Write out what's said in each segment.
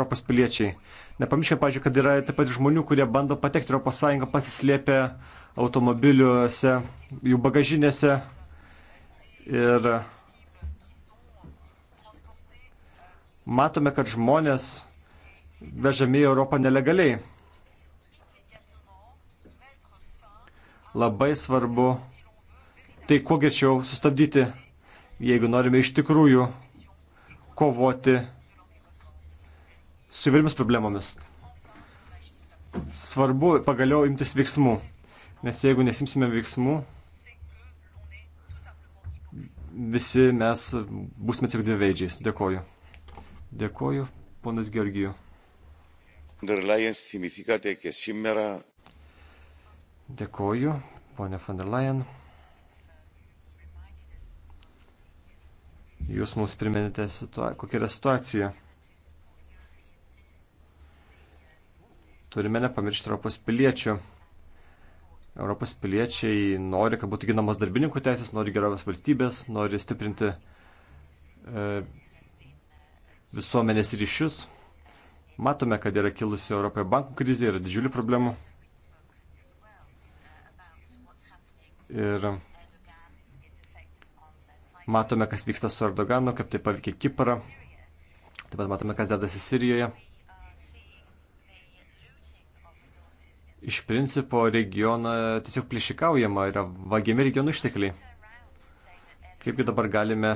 Europos piliečiai. Nepamirškime, pažiūrėjau, kad yra taip pat žmonių, kurie bando patekti Europos Sąjungą, pasislėpę automobiliuose, jų bagažinėse. Ir matome, kad žmonės vežami į Europą nelegaliai. Labai svarbu tai kuo greičiau sustabdyti, jeigu norime iš tikrųjų kovoti su įvairiomis problemomis. Svarbu pagaliau imtis veiksmų, nes jeigu nesimsime veiksmų, visi mes būsime tik dviveidžiais. Dėkoju. Dėkoju, ponas Georgijų. Dėkoju, ponė von der Leyen. Jūs mums priminėte, kokia yra situacija. turime nepamiršti Europos piliečių. Europos piliečiai nori, kad būtų ginamas darbininkų teisės, nori gerovės valstybės, nori stiprinti e, visuomenės ryšius. Matome, kad yra kilusi Europoje bankų krizė, yra didžiulių problemų. Ir matome, kas vyksta su Erdoganu, kaip tai paveikia Kiprą. Taip pat matome, kas dedasi Sirijoje. iš principo regioną tiesiog plėšikaujama, yra vagiami regionų ištekliai. Kaipgi dabar galime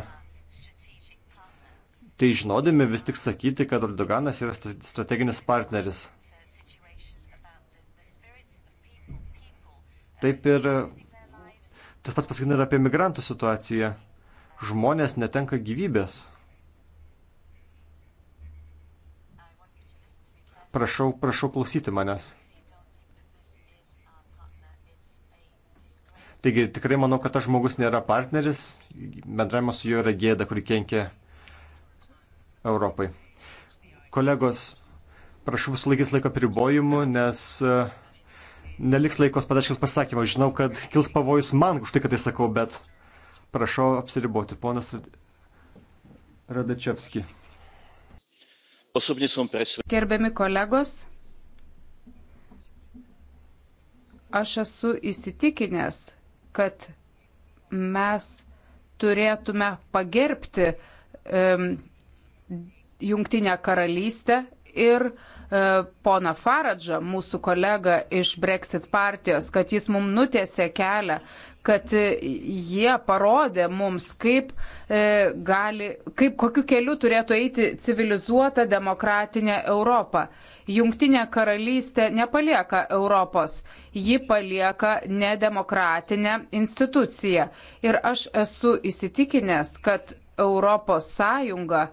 tai žinodami vis tik sakyti, kad Erdoganas yra strateginis partneris. Taip ir tas pats pasakytina ir apie migrantų situaciją. Žmonės netenka gyvybės. Prašau, prašau klausyti manęs. Taigi tikrai manau, kad tas žmogus nėra partneris, bendravimas su juo yra gėda, kuri kenkia Europai. Kolegos, prašau visų laikys laiko pribojimų, nes e, neliks laikos padaškiams pasakymą. Žinau, kad kils pavojus man už tai, kad tai sakau, bet prašau apsiriboti. Ponas Radačiavski. Gerbiami kolegos, aš esu įsitikinęs, kad mes turėtume pagerbti um, Jungtinę karalystę ir uh, e, pona Faradžą, mūsų kolega iš Brexit partijos, kad jis mums nutėse kelią, kad e, jie parodė mums, kaip, e, gali, kaip kokiu keliu turėtų eiti civilizuota demokratinė Europa. Jungtinė karalystė nepalieka Europos, ji palieka nedemokratinę instituciją. Ir aš esu įsitikinęs, kad Europos Sąjunga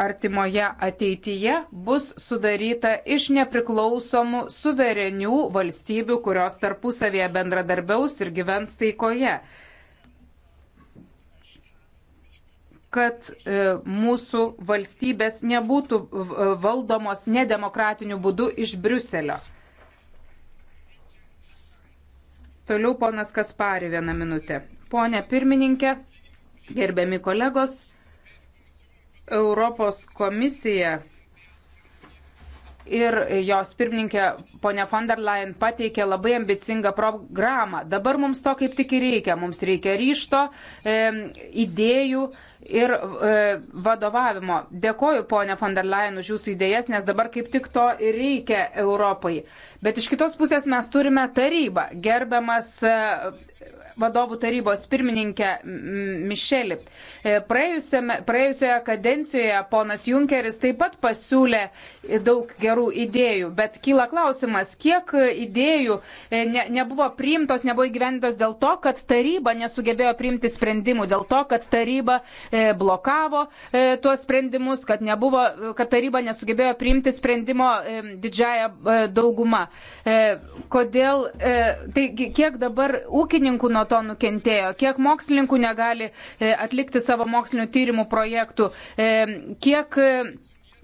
artimoje ateityje bus sudaryta iš nepriklausomų suverenių valstybių, kurios tarpusavėje bendradarbiaus ir gyvens taikoje. Kad e, mūsų valstybės nebūtų e, valdomos nedemokratiniu būdu iš Briuselio. Toliau ponas Kaspari vieną minutę. Pone pirmininkė, gerbiami kolegos, Europos komisija ir jos pirmininkė ponia von der Leyen pateikė labai ambicingą programą. Dabar mums to kaip tik ir reikia. Mums reikia ryšto, e, idėjų ir e, vadovavimo. Dėkoju ponia von der Leyen už jūsų idėjas, nes dabar kaip tik to ir reikia Europai. Bet iš kitos pusės mes turime tarybą. Gerbiamas e, vadovų tarybos pirmininkę Mišelį. E, praėjusioje kadencijoje ponas Junkeris taip pat pasiūlė daug gerų gerų idėjų, bet kyla klausimas, kiek idėjų e, ne, nebuvo priimtos, nebuvo įgyvendintos dėl to, kad taryba nesugebėjo priimti sprendimų, dėl to, kad taryba e, blokavo e, tuos sprendimus, kad, nebuvo, kad taryba nesugebėjo priimti sprendimo e, didžiają e, daugumą. E, kodėl, e, tai kiek dabar ūkininkų nuo to nukentėjo, kiek mokslininkų negali e, atlikti savo mokslinių tyrimų projektų, e, kiek e,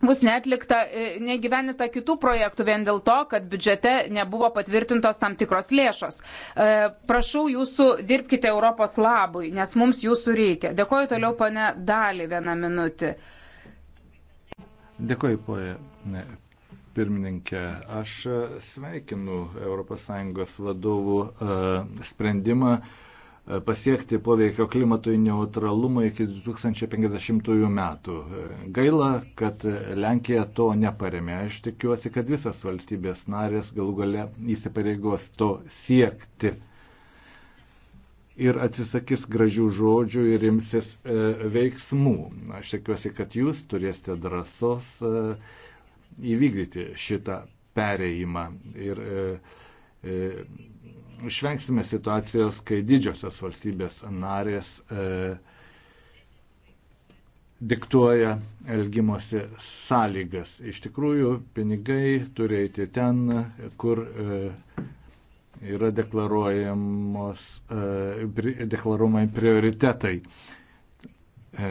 bus netlikta, e, negyvenita kitų projektų vien dėl to, kad biudžete nebuvo patvirtintos tam tikros lėšos. E, prašau jūsų, dirbkite Europos labui, nes mums jūsų reikia. Dėkoju toliau, pane Dali, vieną minutį. Dėkoju, poje pirmininkė. Aš sveikinu ES vadovų e, sprendimą pasiekti poveikio klimatui neutralumą iki 2050 metų. Gaila, kad Lenkija to neparemė. Aš tikiuosi, kad visas valstybės narės galų gale įsipareigos to siekti. Ir atsisakys gražių žodžių ir imsis e, veiksmų. Aš tikiuosi, kad jūs turėsite drąsos e, įvykdyti šitą pereimą. Ir, e, e, išvengsime situacijos, kai didžiosios valstybės narės e, diktuoja elgimosi sąlygas. Iš tikrųjų, pinigai turi eiti ten, kur e, yra deklaruojamos, e, deklaruojami prioritetai. E,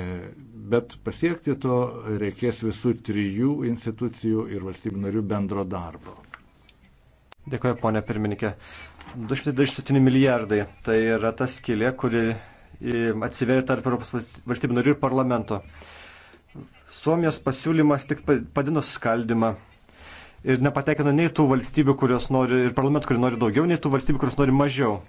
bet pasiekti to reikės visų trijų institucijų ir valstybių narių bendro darbo. Dėkuoju, ponė pirmininkė. 227 milijardai. Tai yra ta skilė, kuri atsiveria tarp Europos valstybių narių ir parlamento. Suomijos pasiūlymas tik padino skaldimą ir nepatekino nei tų valstybių, kurios nori, ir parlamentų, kurie nori daugiau, nei tų valstybių, kurios nori mažiau.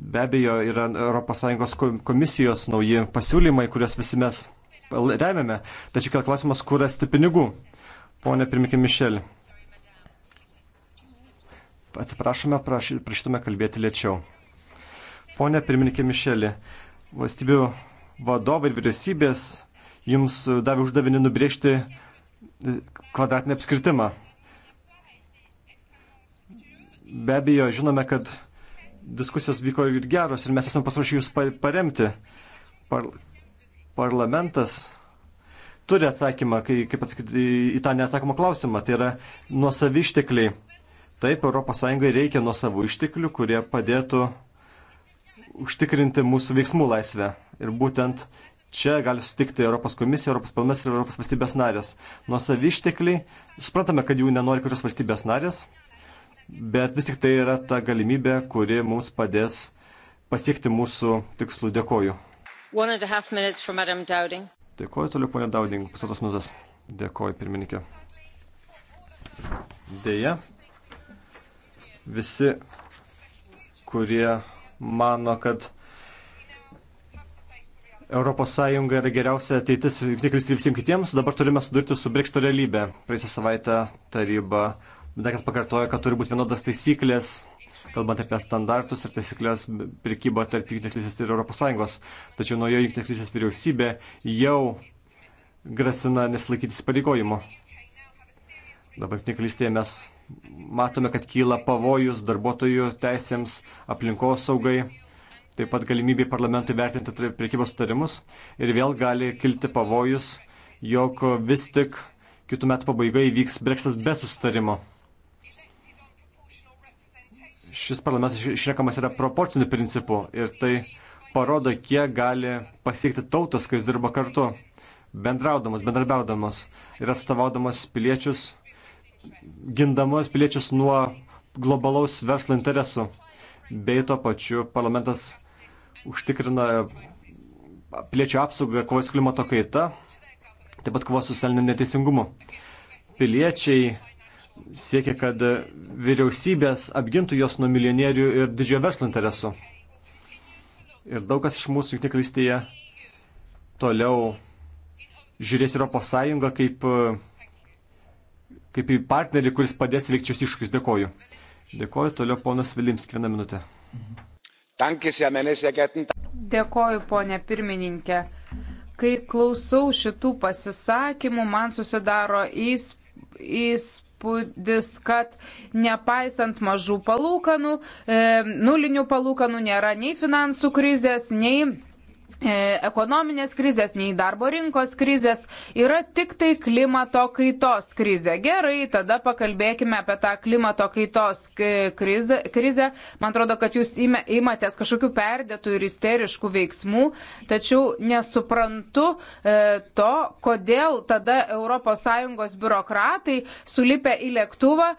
Be abejo, yra ES komisijos nauji pasiūlymai, kuriuos visi mes remiame, tačiau klausimas, kur rasti pinigų. Pone pirmininkė Mišelė. Atsiprašome, prašytume kalbėti lėčiau. Pone pirmininkė Mišelė, valstybių vadovai ir vyriausybės jums davė uždavinį nubriežti e, kvadratinį apskritimą. Be abejo, žinome, kad diskusijos vyko ir geros ir mes esame pasiruošę jūs paremti. Par parlamentas turi atsakymą, kai, kaip atsakyti į tą neatsakomą klausimą, tai yra nuosavi ištekliai Taip, ES reikia nuo savo išteklių, kurie padėtų užtikrinti mūsų veiksmų laisvę. Ir būtent čia gali sutikti Europos komisija, Europos parlamentas ir Europos valstybės narės. Nuo savi ištekliai, suprantame, kad jų nenori kurios valstybės narės, bet vis tik tai yra ta galimybė, kuri mums padės pasiekti mūsų tikslų. Dėkoju. Dėkoju toliau, ponė Dauding, pusantos minutės. Dėkoju, pirmininkė. Deja, Visi, kurie mano, kad ES yra geriausia ateitis tik visiems kitiems, dabar turime sudurti su Brexito realybė. Praėjusią savaitę taryba dar kad pakartojo, kad turi būti vienodas taisyklės, kalbant apie standartus ir taisyklės prekybo tarp Junktinės lysės ir ES. Tačiau naujo Junktinės lysės vyriausybė jau grasina nesilaikyti įsipareigojimų. Dabar Junktinė lysėje mes matome, kad kyla pavojus darbuotojų teisėms, aplinkos saugai, taip pat galimybė parlamentui vertinti priekybos sutarimus ir vėl gali kilti pavojus, jog vis tik kitų metų pabaigai vyks breksas be sustarimo. Šis parlamentas išrekamas yra proporciniu principu ir tai parodo, kiek gali pasiekti tautos, kai jis dirba kartu, bendraudamas, bendrabiaudamas ir atstovaudamas piliečius gindamos piliečius nuo globalaus verslo interesų. Bei tuo pačiu parlamentas užtikrina piliečių apsaugą, kovos klimato kaita, taip pat kovos socialiniu neteisingumu. Piliečiai siekia, kad vyriausybės apgintų jos nuo milijonierių ir didžiojo verslo interesų. Ir daug kas iš mūsų jungtinė kristėje toliau žiūrės Europos Sąjungą kaip kaip į partnerį, kuris padės veikti šios iššūkius. Dėkoju. Dėkoju toliau ponas Vilimski vieną minutę. Dėkoju, ponė pirmininkė. Kai klausau šitų pasisakymų, man susidaro įspūdis įspūdis, kad nepaisant mažų palūkanų, e, nulinių palūkanų nėra nei finansų krizės, nei E, ekonominės krizės, nei darbo rinkos krizės, yra tik tai klimato kaitos krizė. Gerai, tada pakalbėkime apie tą klimato kaitos krizę. krizę. Man atrodo, kad jūs imatės kažkokių perdėtų ir isteriškų veiksmų, tačiau nesuprantu e, to, kodėl tada ES biurokratai sulipę į lėktuvą e,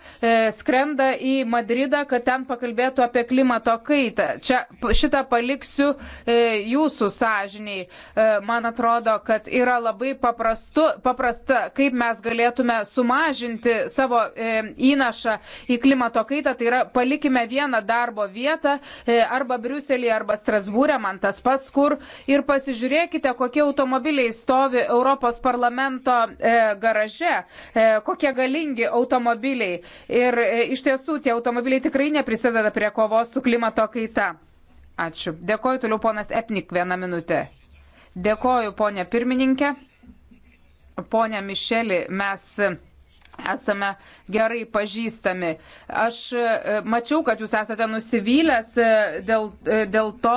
skrenda į Madridą, kad ten pakalbėtų apie klimato kaitą. Čia šitą paliksiu e, jūsų sąlygą sąžiniai. E, man atrodo, kad yra labai paprastu, paprasta, kaip mes galėtume sumažinti savo e, įnašą į klimato kaitą. Tai yra, palikime vieną darbo vietą e, arba Briuselėje, arba Strasbūrė, man tas pats kur. Ir pasižiūrėkite, kokie automobiliai stovi Europos parlamento garaže, kokie galingi automobiliai. Ir iš tiesų tie automobiliai tikrai neprisideda prie kovos su klimato kaita. Ačiū. Dėkoju toliau ponas Epnik vieną minutę. Dėkoju ponė pirmininkė. Pone Mišelį, mes esame gerai pažįstami. Aš e, mačiau, kad jūs esate nusivylęs e, dėl, e, dėl to,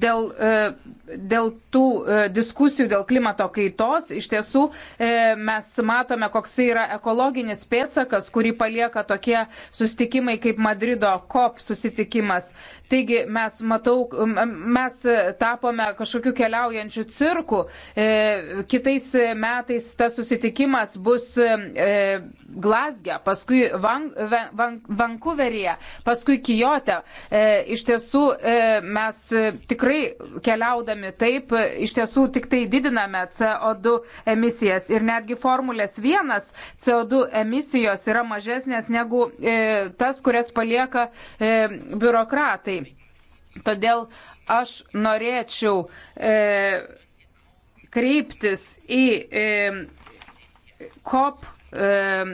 dėl, e, dėl tų e, diskusijų dėl klimato kaitos, iš tiesų e, mes matome, koks tai yra ekologinis pėtsakas, kurį palieka tokie susitikimai kaip Madrido COP susitikimas. Taigi mes, matau, mes tapome kažkokiu keliaujančiu cirku. Kitais metais tas susitikimas bus Glasge, paskui Van, Van, Van, Vancouveryje, paskui Kijote. E, iš tiesų e, mes e, tikrai keliaudami taip, e, iš tiesų tik tai didiname CO2 emisijas ir netgi Formulės 1 CO2 emisijos yra mažesnės negu e, tas, kurias palieka e, biurokratai. Todėl aš norėčiau e, kreiptis į e, COP E,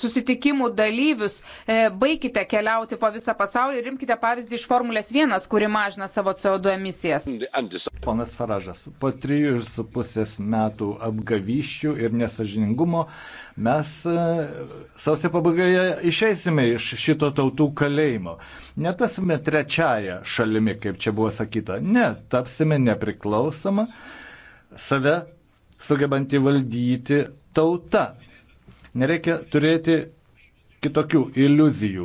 susitikimų dalyvius, e, baikite keliauti po visą pasaulį ir rimkite pavyzdį iš Formulės 1, kuri mažina savo CO2 emisijas. Ponas Faražas, po trijų ir su pusės metų apgavyščių ir nesažiningumo mes e, sausio pabaigoje išeisime iš šito tautų kalėjimo. Netasime trečiaja šalimi, kaip čia buvo sakyta. Ne, tapsime nepriklausoma, save sugebanti valdyti tauta Nereikia turėti kitokių iliuzijų.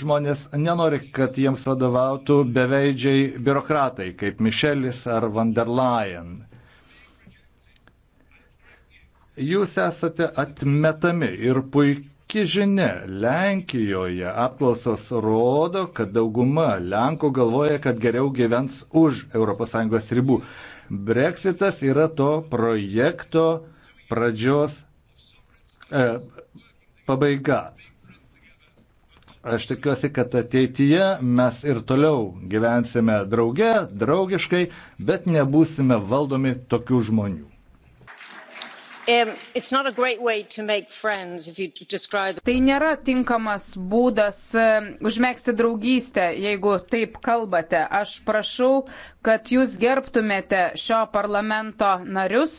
Žmonės nenori, kad jiems vadovautų beveidžiai biurokratai, kaip Mišelis ar van der Leyen. Jūs esate atmetami ir puikiai žinia, Lenkijoje apklausos rodo, kad dauguma Lenkų galvoja, kad geriau gyvens už ES ribų. Brexitas yra to projekto pradžios e, pabaiga. Aš tikiuosi, kad ateityje mes ir toliau gyvensime drauge, draugiškai, bet nebūsime valdomi tokių žmonių. Um, tai nėra tinkamas būdas um, užmėgsti draugystę, jeigu taip kalbate. Aš prašau, kad jūs gerbtumėte šio parlamento narius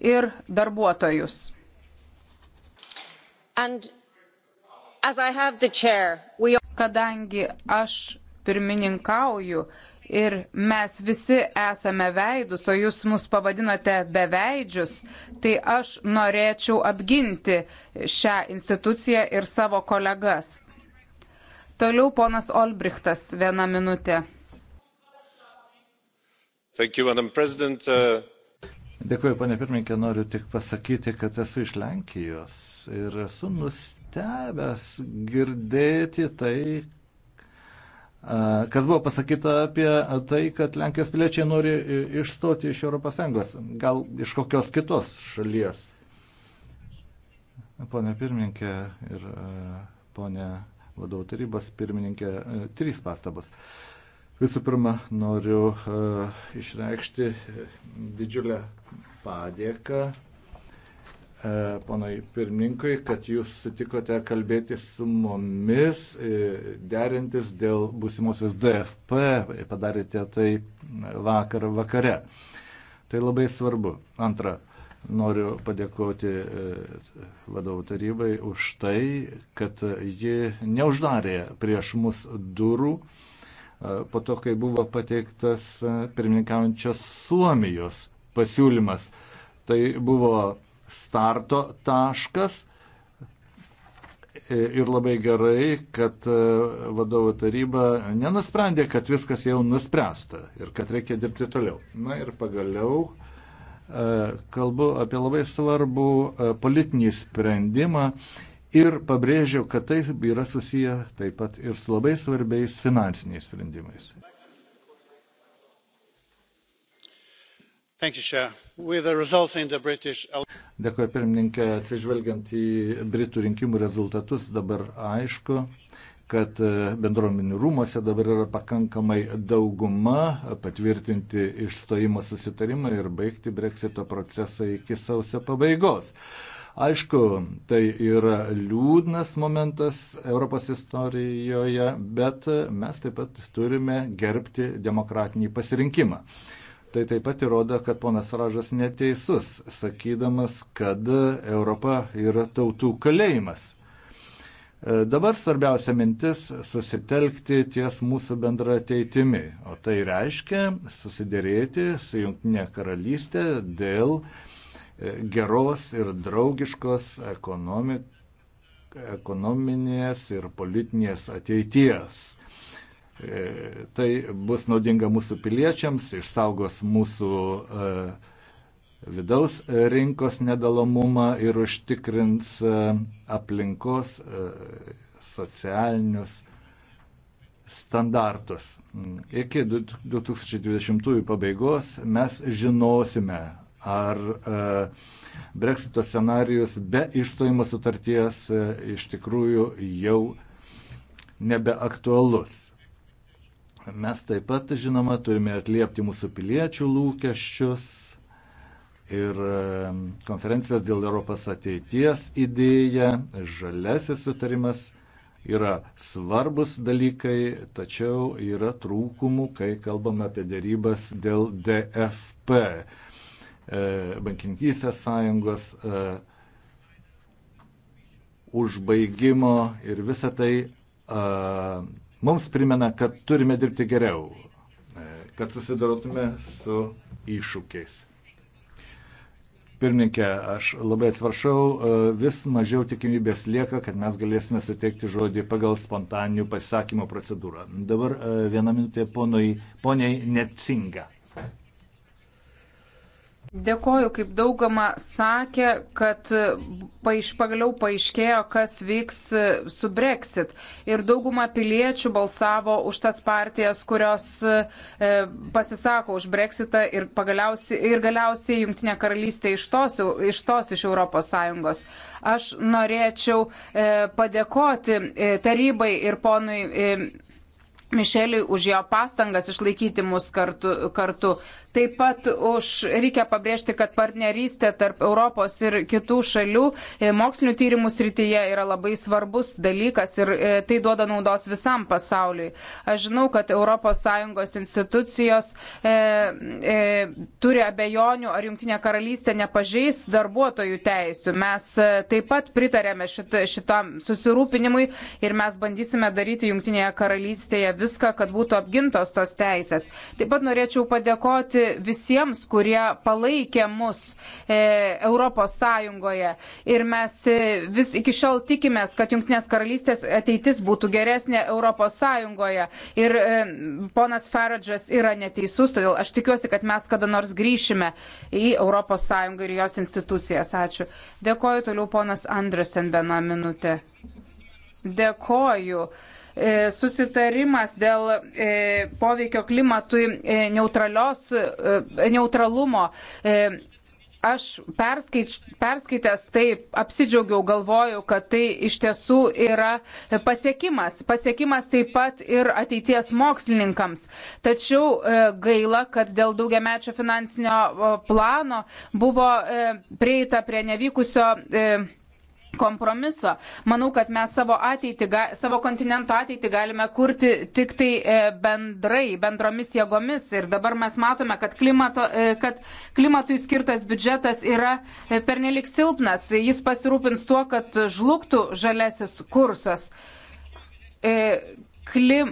ir darbuotojus. Kadangi aš pirmininkauju ir mes visi esame veidus, o jūs mus pavadinote beveidžius, tai aš norėčiau apginti šią instituciją ir savo kolegas. Toliau ponas Olbrichtas vieną minutę. Thank you, Madam President. Uh... Dėkuoju, panė pirmininkė, noriu tik pasakyti, kad esu iš Lenkijos ir esu nustebęs girdėti tai, kas buvo pasakyta apie tai, kad Lenkijos piliečiai nori išstoti iš ES, gal iš kokios kitos šalies. Pone pirmininkė ir pone vadovų tarybos pirmininkė, trys pastabos. Uh, Visų pirma, noriu uh, išreikšti e, didžiulę padėką uh, e, ponai pirmininkui, kad jūs sutikote kalbėti su mumis, uh, derintis dėl būsimosios DFP, padarėte tai vakar vakare. Tai labai svarbu. Antra, noriu padėkoti vadovų tarybai už tai, kad ji neuždarė prieš mus durų. Uh, E, po to, kai buvo pateiktas e, pirmininkaujančios Suomijos pasiūlymas. Tai buvo starto taškas e, ir labai gerai, kad vadovo taryba nenusprendė, kad viskas jau nuspręsta ir kad reikia dirbti toliau. Na ir pagaliau kalbu apie labai svarbų politinį sprendimą Ir pabrėžiau, kad tai yra susiję taip pat ir su labai svarbiais finansiniais sprendimais. Dėkuoju pirmininkė, atsižvelgiant į Britų rinkimų rezultatus, dabar aišku, kad e, bendruomenių rūmose dabar yra pakankamai dauguma patvirtinti išstojimo susitarimą ir baigti breksito procesą iki sausio pabaigos. Aišku, tai yra liūdnas momentas Europos istorijoje, bet mes taip pat turime gerbti demokratinį pasirinkimą. Tai taip pat įrodo, kad ponas Faražas neteisus, sakydamas, kad Europa yra tautų kalėjimas. E, dabar svarbiausia mintis - susitelkti ties mūsų bendra ateitimi, o tai reiškia susidėrėti su Junktinė karalystė dėl uh, geros ir draugiškos ekonomik, ekonominės ir politinės ateities. E, tai bus naudinga mūsų piliečiams, išsaugos mūsų e, vidaus rinkos nedalomumą ir užtikrins e, aplinkos socialinius standartus. Iki 2020 pabaigos mes žinosime, ar e, breksito scenarius be išstojimo sutarties e, iš tikrųjų jau nebeaktualus. Mes taip pat, žinoma, turime atliepti mūsų piliečių lūkesčius ir e, konferencijos dėl Europos ateities idėja, žalesis sutarimas yra svarbus dalykai, tačiau yra trūkumų, kai kalbame apie dėrybas dėl DFP. E, bankininkystės sąjungos e, užbaigimo ir visą tai e, mums primena, kad turime dirbti geriau, kad susidorotume su iššūkiais. Pirmininkė, aš labai atsiprašau, vis mažiau tikimybės lieka, kad mes galėsime suteikti žodį pagal spontaninių pasisakymų procedūrą. Dabar vieną minutę ponui, poniai Necinga. Dėkoju, kaip daugama sakė, kad paaiš, pagaliau paaiškėjo, kas vyks su Brexit. Ir dauguma piliečių balsavo už tas partijas, kurios e, pasisako už Brexitą ir, ir galiausiai Junktinė karalystė ištos iš, tos, iš Europos Sąjungos. Aš norėčiau e, padėkoti e, tarybai ir ponui. E, Mišeliui už jo pastangas išlaikyti mus kartu. kartu. Taip pat už, reikia pabrėžti, kad partnerystė tarp Europos ir kitų šalių e, mokslinių tyrimų srityje yra labai svarbus dalykas ir e, tai duoda naudos visam pasauliui. Aš žinau, kad ES institucijos e, e, turi abejonių, ar Junktinė karalystė nepažeis darbuotojų teisų. Mes e, taip pat pritarėme šit, šitam susirūpinimui ir mes bandysime daryti Junktinėje karalystėje viską, kad būtų apgintos tos teisės. Taip pat norėčiau padėkoti visiems, kurie palaikė mus e, Europos Sąjungoje. Ir mes e, vis iki šiol tikimės, kad Junktinės karalystės ateitis būtų geresnė Europos Sąjungoje. Ir e, ponas Faradžas yra neteisus, todėl aš tikiuosi, kad mes kada nors grįšime į Europos Sąjungą ir jos institucijas. Ačiū. Dėkoju toliau ponas Andresen vieną minutę. Dėkoju. E, susitarimas dėl e, poveikio klimatui e, neutralumo. Aš perskaič, perskaitęs tai apsidžiaugiau, galvoju, kad tai iš tiesų yra pasiekimas. Pasiekimas taip pat ir ateities mokslininkams. Tačiau gaila, kad dėl daugiamečio finansinio plano buvo prieita prie nevykusio kompromiso. Manau, kad mes savo, ateitį, savo kontinento ateitį galime kurti tik tai e, bendrai, bendromis jėgomis. Ir dabar mes matome, kad, klimato, e, kad klimatui skirtas biudžetas yra e, pernelik silpnas. Jis pasirūpins tuo, kad žlugtų žalesis kursas klim,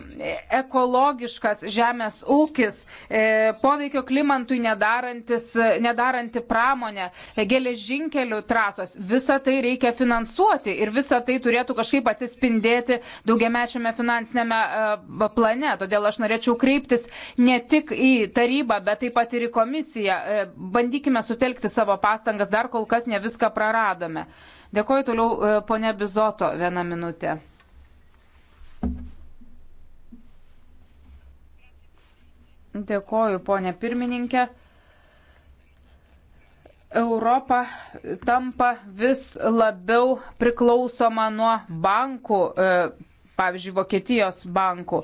ekologiškas žemės ūkis, e, poveikio klimantui e, nedaranti pramonė, e, geležinkelių trasos. Visą tai reikia finansuoti ir visą tai turėtų kažkaip atsispindėti daugiamečiame finansinėme plane. Todėl aš norėčiau kreiptis ne tik į tarybą, bet taip pat ir į komisiją. Bandykime sutelkti savo pastangas, dar kol kas ne viską praradome. Dėkuoju toliau, ponė Bizoto, vieną minutę. Dėkoju, ponė pirmininkė. Europa tampa vis labiau priklausoma nuo bankų, e, pavyzdžiui, Vokietijos bankų.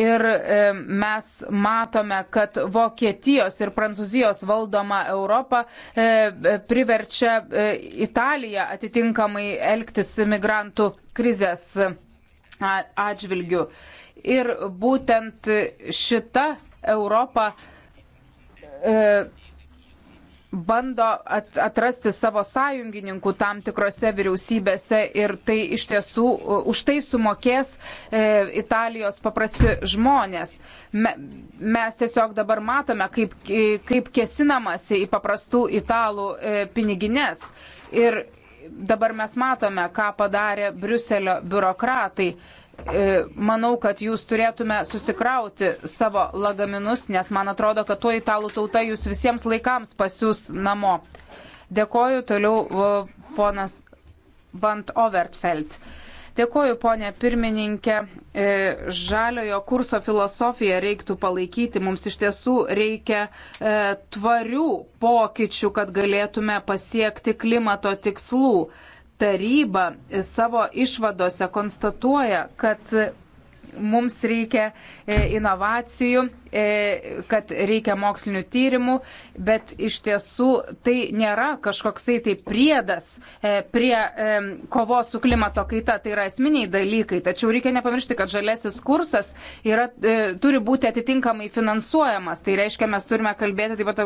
Ir e, mes matome, kad Vokietijos ir Prancūzijos valdoma Europa e, priverčia Italiją atitinkamai elgtis migrantų krizės atžvilgių. Ir būtent šita Europa e, bando at, atrasti savo sąjungininkų tam tikrose vyriausybėse ir tai iš tiesų e, už tai sumokės e, Italijos paprasti žmonės. Me, mes tiesiog dabar matome, kaip, e, kaip kesinamasi į paprastų italų e, pinigines. Ir dabar mes matome, ką padarė Briuselio biurokratai. E, E, manau, kad jūs turėtume susikrauti savo lagaminus, nes man atrodo, kad tuo italų tauta jūs visiems laikams pasiūs namo. Dėkoju toliau e, ponas Vant Overtfeld. Dėkoju, ponė pirmininkė. E, žaliojo kurso filosofiją reiktų palaikyti. Mums iš tiesų reikia tvarių pokyčių, kad galėtume pasiekti klimato tikslų taryba savo išvadose konstatuoja, kad mums reikia e, inovacijų E, kad reikia mokslinių tyrimų, bet iš tiesų tai nėra kažkoksai tai priedas e, prie e, kovos su klimato kaita, tai yra esminiai dalykai. Tačiau reikia nepamiršti, kad žalesis kursas yra, turi būti atitinkamai finansuojamas. Tai reiškia, mes turime kalbėti taip pat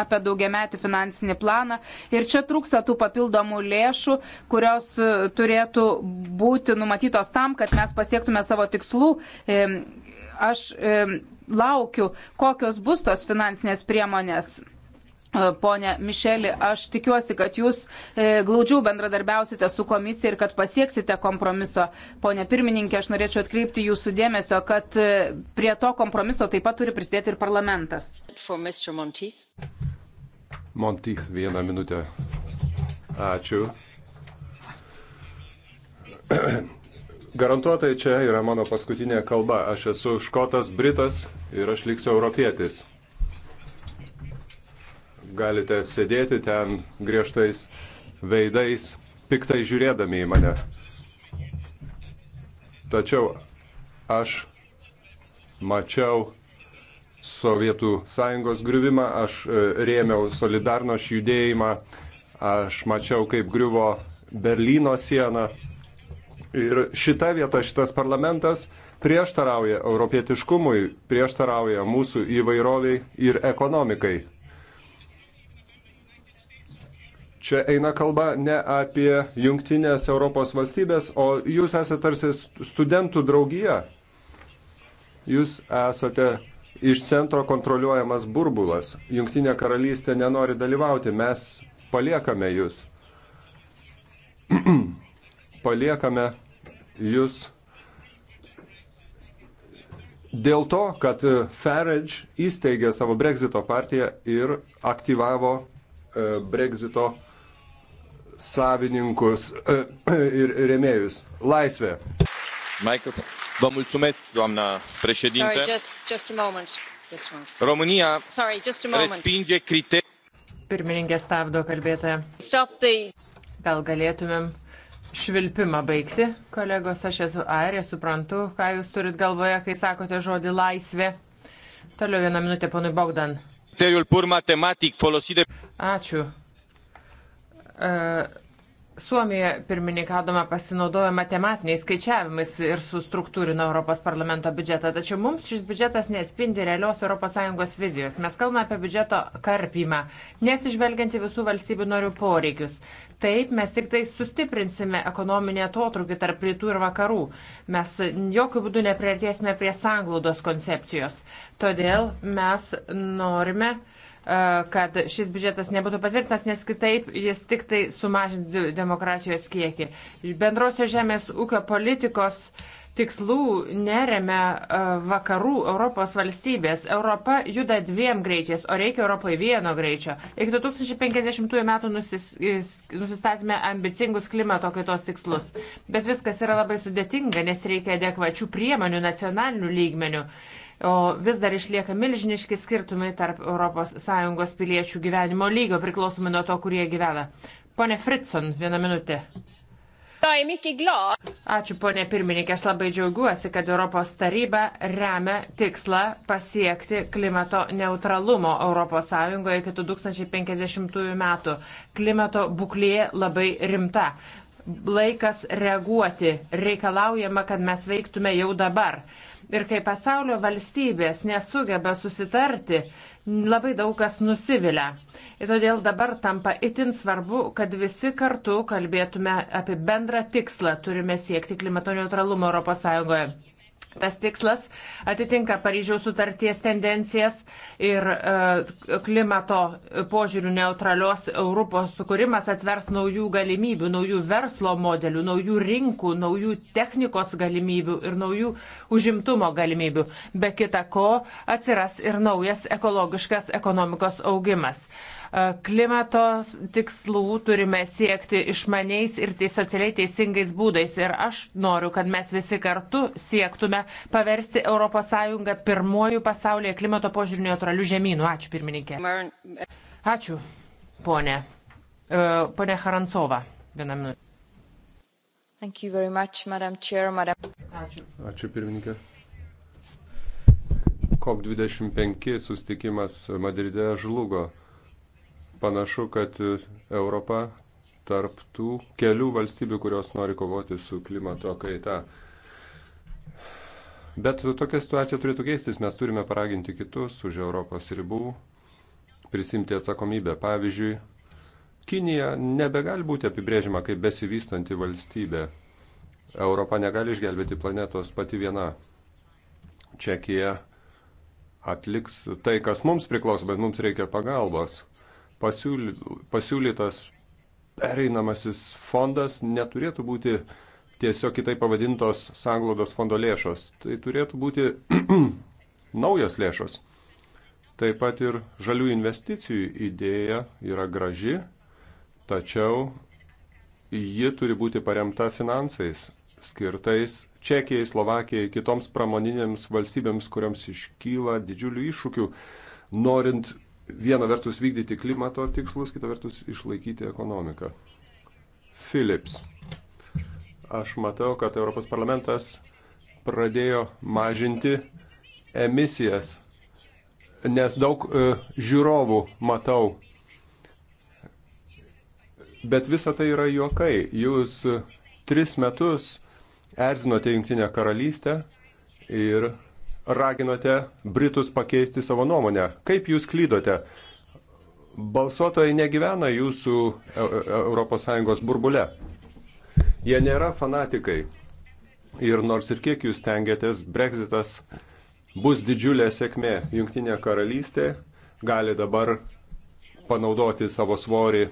apie daugiametį finansinį planą. Ir čia trūksta tų papildomų lėšų, kurios turėtų būti numatytos tam, kad mes pasiektume savo tikslų aš e, laukiu, kokios bus tos finansinės priemonės. E, pone Mišeli, aš tikiuosi, kad jūs e, glaudžiau bendradarbiausite su komisija ir kad pasieksite kompromiso. Pone pirmininkė, aš norėčiau atkreipti jūsų dėmesio, kad e, prie to kompromiso taip pat turi prisidėti ir parlamentas. Montys, vieną minutę. Ačiū. Garantuotai čia yra mano paskutinė kalba. Aš esu škotas, britas ir aš liksiu europietis. Galite sėdėti ten griežtais veidais, piktai žiūrėdami į mane. Tačiau aš mačiau Sovietų sąjungos griuvimą, aš e, rėmiau Solidarno judėjimą, aš mačiau, kaip griuvo Berlyno siena. Ir šita vieta, šitas parlamentas prieštarauja europietiškumui, prieštarauja mūsų įvairoviai ir ekonomikai. Čia eina kalba ne apie jungtinės Europos valstybės, o jūs esate tarsi studentų draugija. Jūs esate iš centro kontroliuojamas burbulas. Jungtinė karalystė nenori dalyvauti, mes paliekame jūs. paliekame jūs dėl to, kad Farage įsteigė savo Brexito partiją ir aktyvavo e, Brexito savininkus e, ir rėmėjus. Laisvė. Vă mulțumesc, doamna președinte. Sorry, just, just a moment. Just a moment. România Sorry, just a moment. respinge criterii. Pirmininkė stabdo kalbėtoją. Stop the... Gal galėtumėm švilpimą baigti. Kolegos, aš esu airė, suprantu, ką jūs turit galvoje, kai sakote žodį laisvė. Toliau vieną minutę, ponui Bogdan. Ačiū. Uh, Suomija pirmininkadama pasinaudojo matematiniais skaičiavimais ir sustruktūrino Europos parlamento biudžetą, tačiau mums šis biudžetas neatspindi realios ES vizijos. Mes kalbame apie biudžeto karpimą, nesižvelgianti visų valstybių norių poreikius. Taip, mes tik tai sustiprinsime ekonominį atotrukį tarp rytų ir vakarų. Mes jokių būdų neprieartėsime prie sanglaudos koncepcijos. Todėl mes norime uh, E, kad šis biudžetas nebūtų patvirtintas, nes kitaip jis tik tai sumažintų demokratijos kiekį. Bendrosios žemės ūkio politikos tikslų neremia e, vakarų Europos valstybės. Europa juda dviem greičiais, o reikia Europai vieno greičio. Iki 2050 metų nusis, nusistatėme ambicingus klimato kaitos tikslus. Bet viskas yra labai sudėtinga, nes reikia adekvačių priemonių nacionalinių lygmenių o vis dar išlieka milžiniški skirtumai tarp ES piliečių gyvenimo lygio priklausomai nuo to, kur jie gyvena. Pone Fritson, vieną minutę. Ačiū, ponė pirmininkė, aš labai džiaugiuosi, kad Europos taryba remia tikslą pasiekti klimato neutralumo ES iki 2050 metų. Klimato būklė labai rimta. Laikas reaguoti. Reikalaujama, kad mes veiktume jau dabar ir kai pasaulio valstybės nesugeba susitarti, labai daug kas nusivilia. Ir todėl dabar tampa itin svarbu, kad visi kartu kalbėtume apie bendrą tikslą, turime siekti klimato neutralumo ES. Tas tikslas atitinka Paryžiaus sutarties tendencijas ir e, klimato požiūrių neutralios Europos sukūrimas atvers naujų galimybių, naujų verslo modelių, naujų rinkų, naujų technikos galimybių ir naujų užimtumo galimybių. Be kita ko atsiras ir naujas ekologiškas ekonomikos augimas. E, klimato tikslų turime siekti išmaniais ir tai socialiai teisingais būdais. Ir aš noriu, kad mes visi kartu siektume paversti ES pirmojų pasaulyje klimato požiūrį neutralių žemynų. Ačiū, pirmininkė. Ačiū, ponė. E, Pone Haransova, vieną minutę. Much, Madam Chair, Madam... Ačiū. Ačiū pirmininkė. COP25 sustikimas Madride žlugo panašu, kad e, Europa tarptų kelių valstybių, kurios nori kovoti su klimato kaita. Bet tokia situacija turėtų keistis, mes turime paraginti kitus už Europos ribų prisimti atsakomybę. Pavyzdžiui, Kinija nebegali būti apibrėžima kaip besivystanti valstybė. Europa negali išgelbėti planetos pati viena. Čekija atliks tai, kas mums priklauso, bet mums reikia pagalbos pasiūly, pasiūlytas pereinamasis fondas neturėtų būti tiesiog kitaip pavadintos sanglaudos fondo lėšos. Tai turėtų būti naujos lėšos. Taip pat ir žalių investicijų idėja yra graži, tačiau ji turi būti paremta finansais, skirtais Čekijai, Slovakijai, kitoms pramoninėms valstybėms, kuriams iškyla didžiulių iššūkių, norint viena vertus vykdyti klimato tikslus, kita vertus išlaikyti ekonomiką. Philips. Aš matau, kad Europos parlamentas pradėjo mažinti emisijas, nes daug e, žiūrovų matau. Bet visa tai yra juokai. Jūs tris metus erzinote Junktinę karalystę ir raginote Britus pakeisti savo nuomonę. Kaip jūs klydote? Balsuotojai negyvena jūsų ES e, burbule. Jie nėra fanatikai. Ir nors ir kiek jūs tengiatės, Brexitas bus didžiulė sėkmė. Junktinė karalystė gali dabar panaudoti savo svorį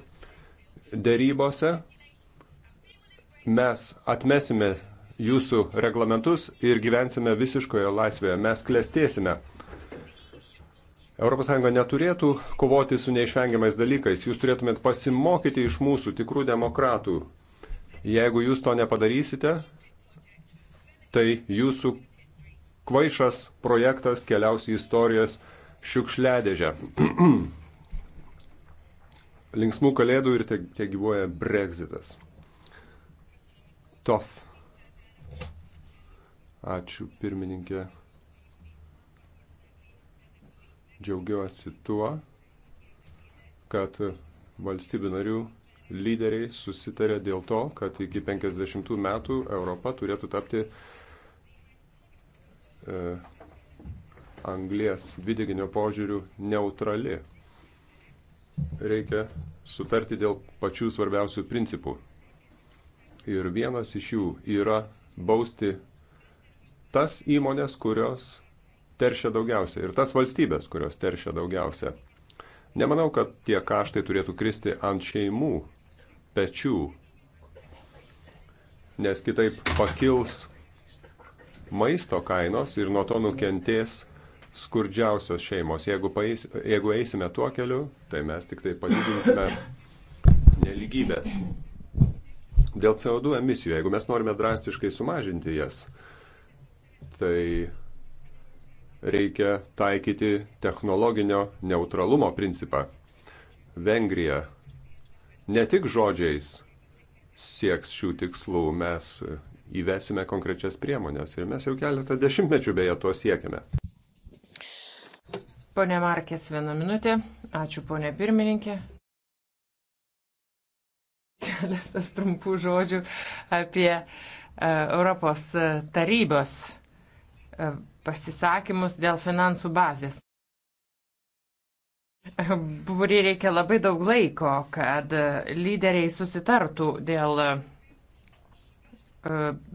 dėrybose. Mes atmesime jūsų reglamentus ir gyvensime visiškoje laisvėje. Mes klestėsime. ES neturėtų kovoti su neišvengiamais dalykais. Jūs turėtumėt pasimokyti iš mūsų tikrų demokratų. Jeigu jūs to nepadarysite, tai jūsų kvaišas projektas keliaus į istorijos šiukšliadėžę. Linksmų kalėdų ir te, te gyvoja Brexitas. Toth. Ačiū pirmininkė. Džiaugiuosi tuo, kad valstybių narių lyderiai susitarė dėl to, kad iki 50 metų Europa turėtų tapti e, anglės dvideginio požiūrių neutrali. Reikia sutarti dėl pačių svarbiausių principų. Ir vienas iš jų yra bausti tas įmonės, kurios teršia daugiausia ir tas valstybės, kurios teršia daugiausia. Nemanau, kad tie kaštai turėtų kristi ant šeimų pečių, nes kitaip pakils maisto kainos ir nuo to nukentės skurdžiausios šeimos. Jeigu, paeis, jeigu eisime tuo keliu, tai mes tik tai padidinsime neligybės. Dėl CO2 emisijų, jeigu mes norime drastiškai sumažinti jas, tai reikia taikyti technologinio neutralumo principą. Vengrija ne tik žodžiais sieks šių tikslų, mes įvesime konkrečias priemonės ir mes jau keletą dešimtmečių beje to siekiame. Pone Markės, vieną minutę. Ačiū, ponė pirmininkė. Keletas trumpų žodžių apie e, Europos tarybos E, pasisakymus dėl finansų bazės. Prireikia e, labai daug laiko, kad lyderiai susitartų dėl e,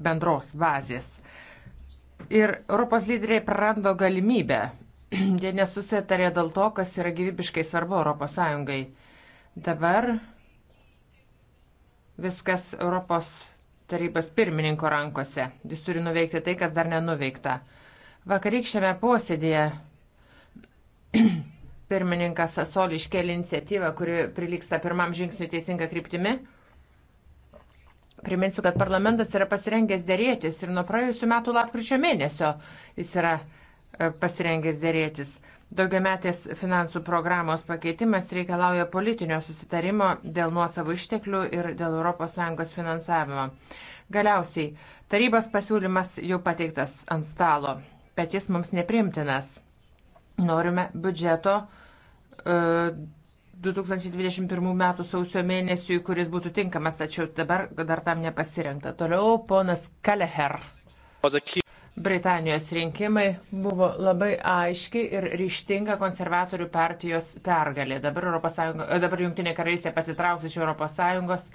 bendros bazės. Ir Europos lyderiai prarando galimybę. Jie nesusitarė dėl to, kas yra gyvybiškai svarbu Europos Sąjungai. Dabar viskas Europos tarybos pirmininko rankose. Jis turi nuveikti tai, kas dar nenuveikta. Vakarykščiame posėdėje pirmininkas Sasol iškėlė iniciatyvą, kuri priliksta pirmam žingsniui teisinga kryptimi. Priminsiu, kad parlamentas yra pasirengęs dėrėtis ir nuo praėjusių metų lapkričio mėnesio jis yra e, pasirengęs dėrėtis. Daugiametės finansų programos pakeitimas reikalauja politinio susitarimo dėl nuosavų išteklių ir dėl ES finansavimo. Galiausiai, tarybos pasiūlymas jau pateiktas ant stalo, bet jis mums neprimtinas. Norime biudžeto uh, 2021 m. sausio mėnesiui, kuris būtų tinkamas, tačiau dabar dar tam nepasirengta. Toliau ponas Kaleher. Britanijos rinkimai buvo labai aiški ir ryštinga konservatorių partijos pergalė. Dabar, Sąjunga, e, dabar Junktinė karalystė pasitrauks iš ES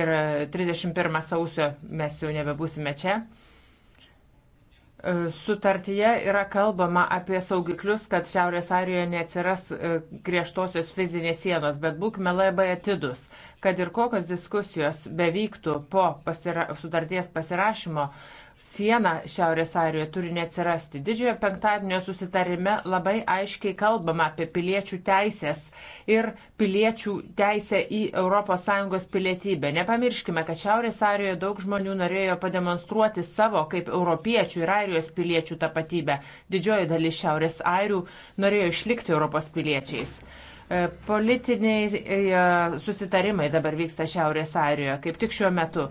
ir 31 e, sausio mes jau nebebūsime čia. E, sutartyje yra kalbama apie saugiklius, kad Šiaurės Arijoje neatsiras griežtosios fizinės sienos, bet būkime labai atidus, kad ir kokios diskusijos bevyktų po pasira sutarties pasirašymo, Siena Šiaurės Airijoje turi neatsirasti. Didžiojo penktadienio susitarime labai aiškiai kalbama apie piliečių teisės ir piliečių teisę į ES pilietybę. Nepamirškime, kad Šiaurės Airijoje daug žmonių norėjo pademonstruoti savo kaip europiečių ir Airijos piliečių tapatybę. Didžioji dalis Šiaurės Airių norėjo išlikti Europos piliečiais e, politiniai e, susitarimai dabar vyksta Šiaurės Airijoje, kaip tik šiuo metu.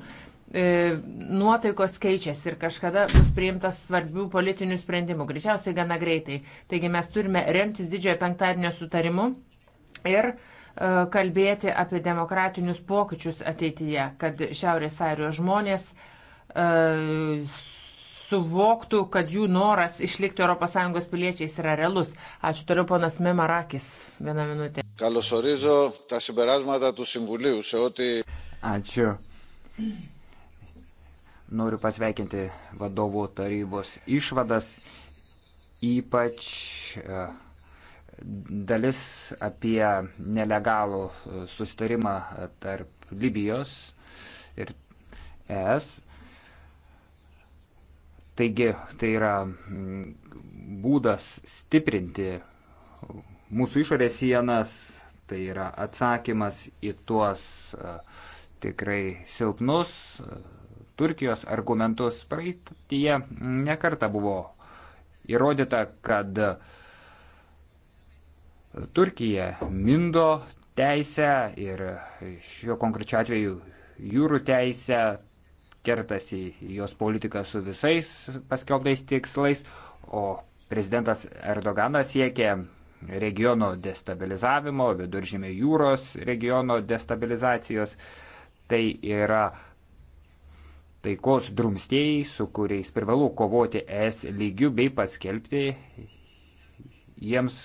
E, nuotaikos keičiasi ir kažkada bus priimtas svarbių politinių sprendimų, greičiausiai gana greitai. Taigi mes turime remtis didžiojo penktadienio sutarimu ir e, kalbėti apie demokratinius pokyčius ateityje, kad Šiaurės Airijos žmonės e, suvoktų, kad jų noras išlikti ES piliečiais yra realus. Ačiū toliau ponas Memarakis. Vieną minutę. Καλωσορίζω τα συμπεράσματα του Συμβουλίου σε ό,τι... Ačiū. Noriu pasveikinti vadovų tarybos išvadas, ypač e, dalis apie nelegalų e, sustarimą tarp Libijos ir ES. Taigi tai yra mm, būdas stiprinti mūsų išorės sienas, tai yra atsakymas į tuos e, tikrai silpnus Turkijos argumentus. Praeitie nekarta buvo įrodyta, kad Turkija mindo teisę ir šiuo konkrečiu atveju jūrų teisę kertasi jos politika su visais paskelbtais tikslais, o prezidentas Erdoganas siekia regiono destabilizavimo, viduržymė jūros regiono destabilizacijos. Tai yra taikos drumstėjai, su kuriais privalu kovoti es lygių bei paskelbti jiems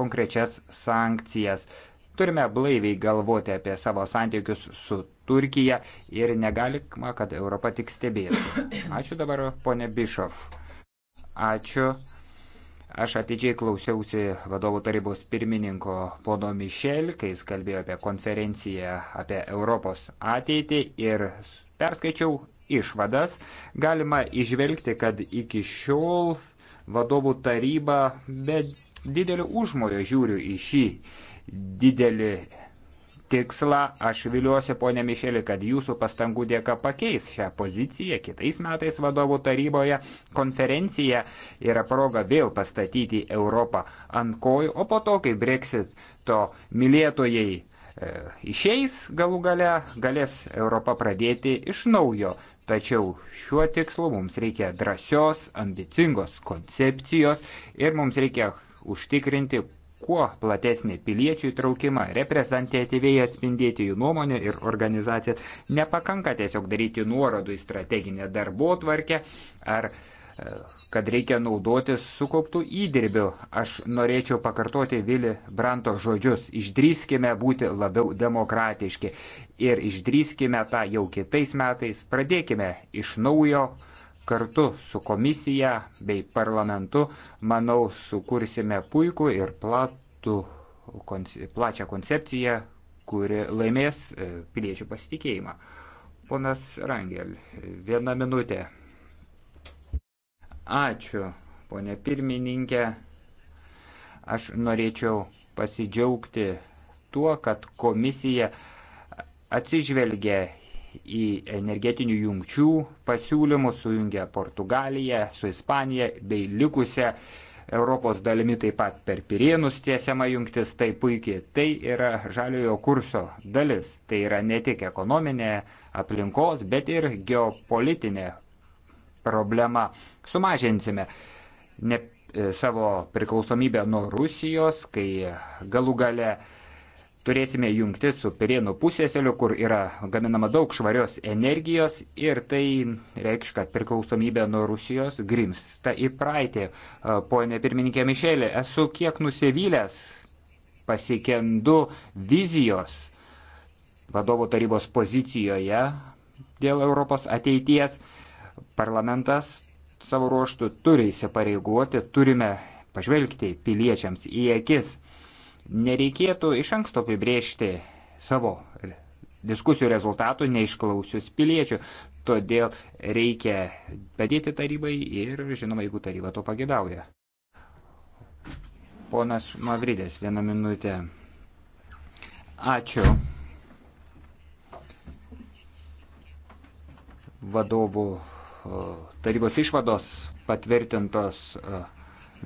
konkrečias sankcijas. Turime blaiviai galvoti apie savo santykius su Turkija ir negalima, kad Europa tik stebėtų. Ačiū dabar, ponė Bišov. Ačiū. Aš atidžiai klausiausi vadovų tarybos pirmininko pono Mišel, kai jis kalbėjo apie konferenciją apie Europos ateitį ir perskaičiau išvadas, galima išvelgti, kad iki šiol vadovų taryba be didelio užmojo žiūriu į šį didelį tikslą. Aš viliuosi, ponė Mišelė, kad jūsų pastangų dėka pakeis šią poziciją. Kitais metais vadovų taryboje konferencija yra proga vėl pastatyti Europą ant kojų, o po to, kai Brexito mylėtojai e, išeis galų gale, galės Europą pradėti iš naujo. Tačiau šiuo tikslu mums reikia drąsios, ambicingos koncepcijos ir mums reikia užtikrinti kuo platesnį piliečių įtraukimą, reprezentatyviai atspindėti jų nuomonę ir organizacijas. Nepakanka tiesiog daryti nuorodų į strateginę darbo tvarkę ar uh, kad reikia naudotis sukauptų įdirbių. Aš norėčiau pakartoti Vili Branto žodžius. Išdrįskime būti labiau demokratiški ir išdrįskime tą jau kitais metais. Pradėkime iš naujo kartu su komisija bei parlamentu. Manau, sukursime puikų ir platų, plačią koncepciją, kuri laimės e, piliečių pasitikėjimą. Ponas Rangel, viena minutė. Ačiū, ponė pirmininkė. Aš norėčiau pasidžiaugti tuo, kad komisija atsižvelgia į energetinių jungčių pasiūlymus, sujungia Portugaliją su Ispanija bei likusią Europos dalimi taip pat per Pirienus tiesiama jungtis, tai puikiai. Tai yra žaliojo kurso dalis. Tai yra ne tik ekonominė aplinkos, bet ir geopolitinė problemą sumažinsime ne, e, savo priklausomybę nuo Rusijos, kai galų gale turėsime jungti su Pirėnų pusėseliu, kur yra gaminama daug švarios energijos ir tai reikš, kad priklausomybė nuo Rusijos grimsta į praeitį. E, Pone pirmininkė Mišelė, esu kiek nusivylęs, pasiekendu vizijos vadovų tarybos pozicijoje dėl Europos ateities. Parlamentas savo ruoštų turi įsipareigoti, turime pažvelgti piliečiams į akis. Nereikėtų iš anksto apibriežti savo diskusijų rezultatų neišklausius piliečių. Todėl reikia padėti tarybai ir, žinoma, jeigu taryba to pagėdauja. Ponas Mavridės, vieną minutę. Ačiū. Vadovų tarybos išvados patvirtintos e,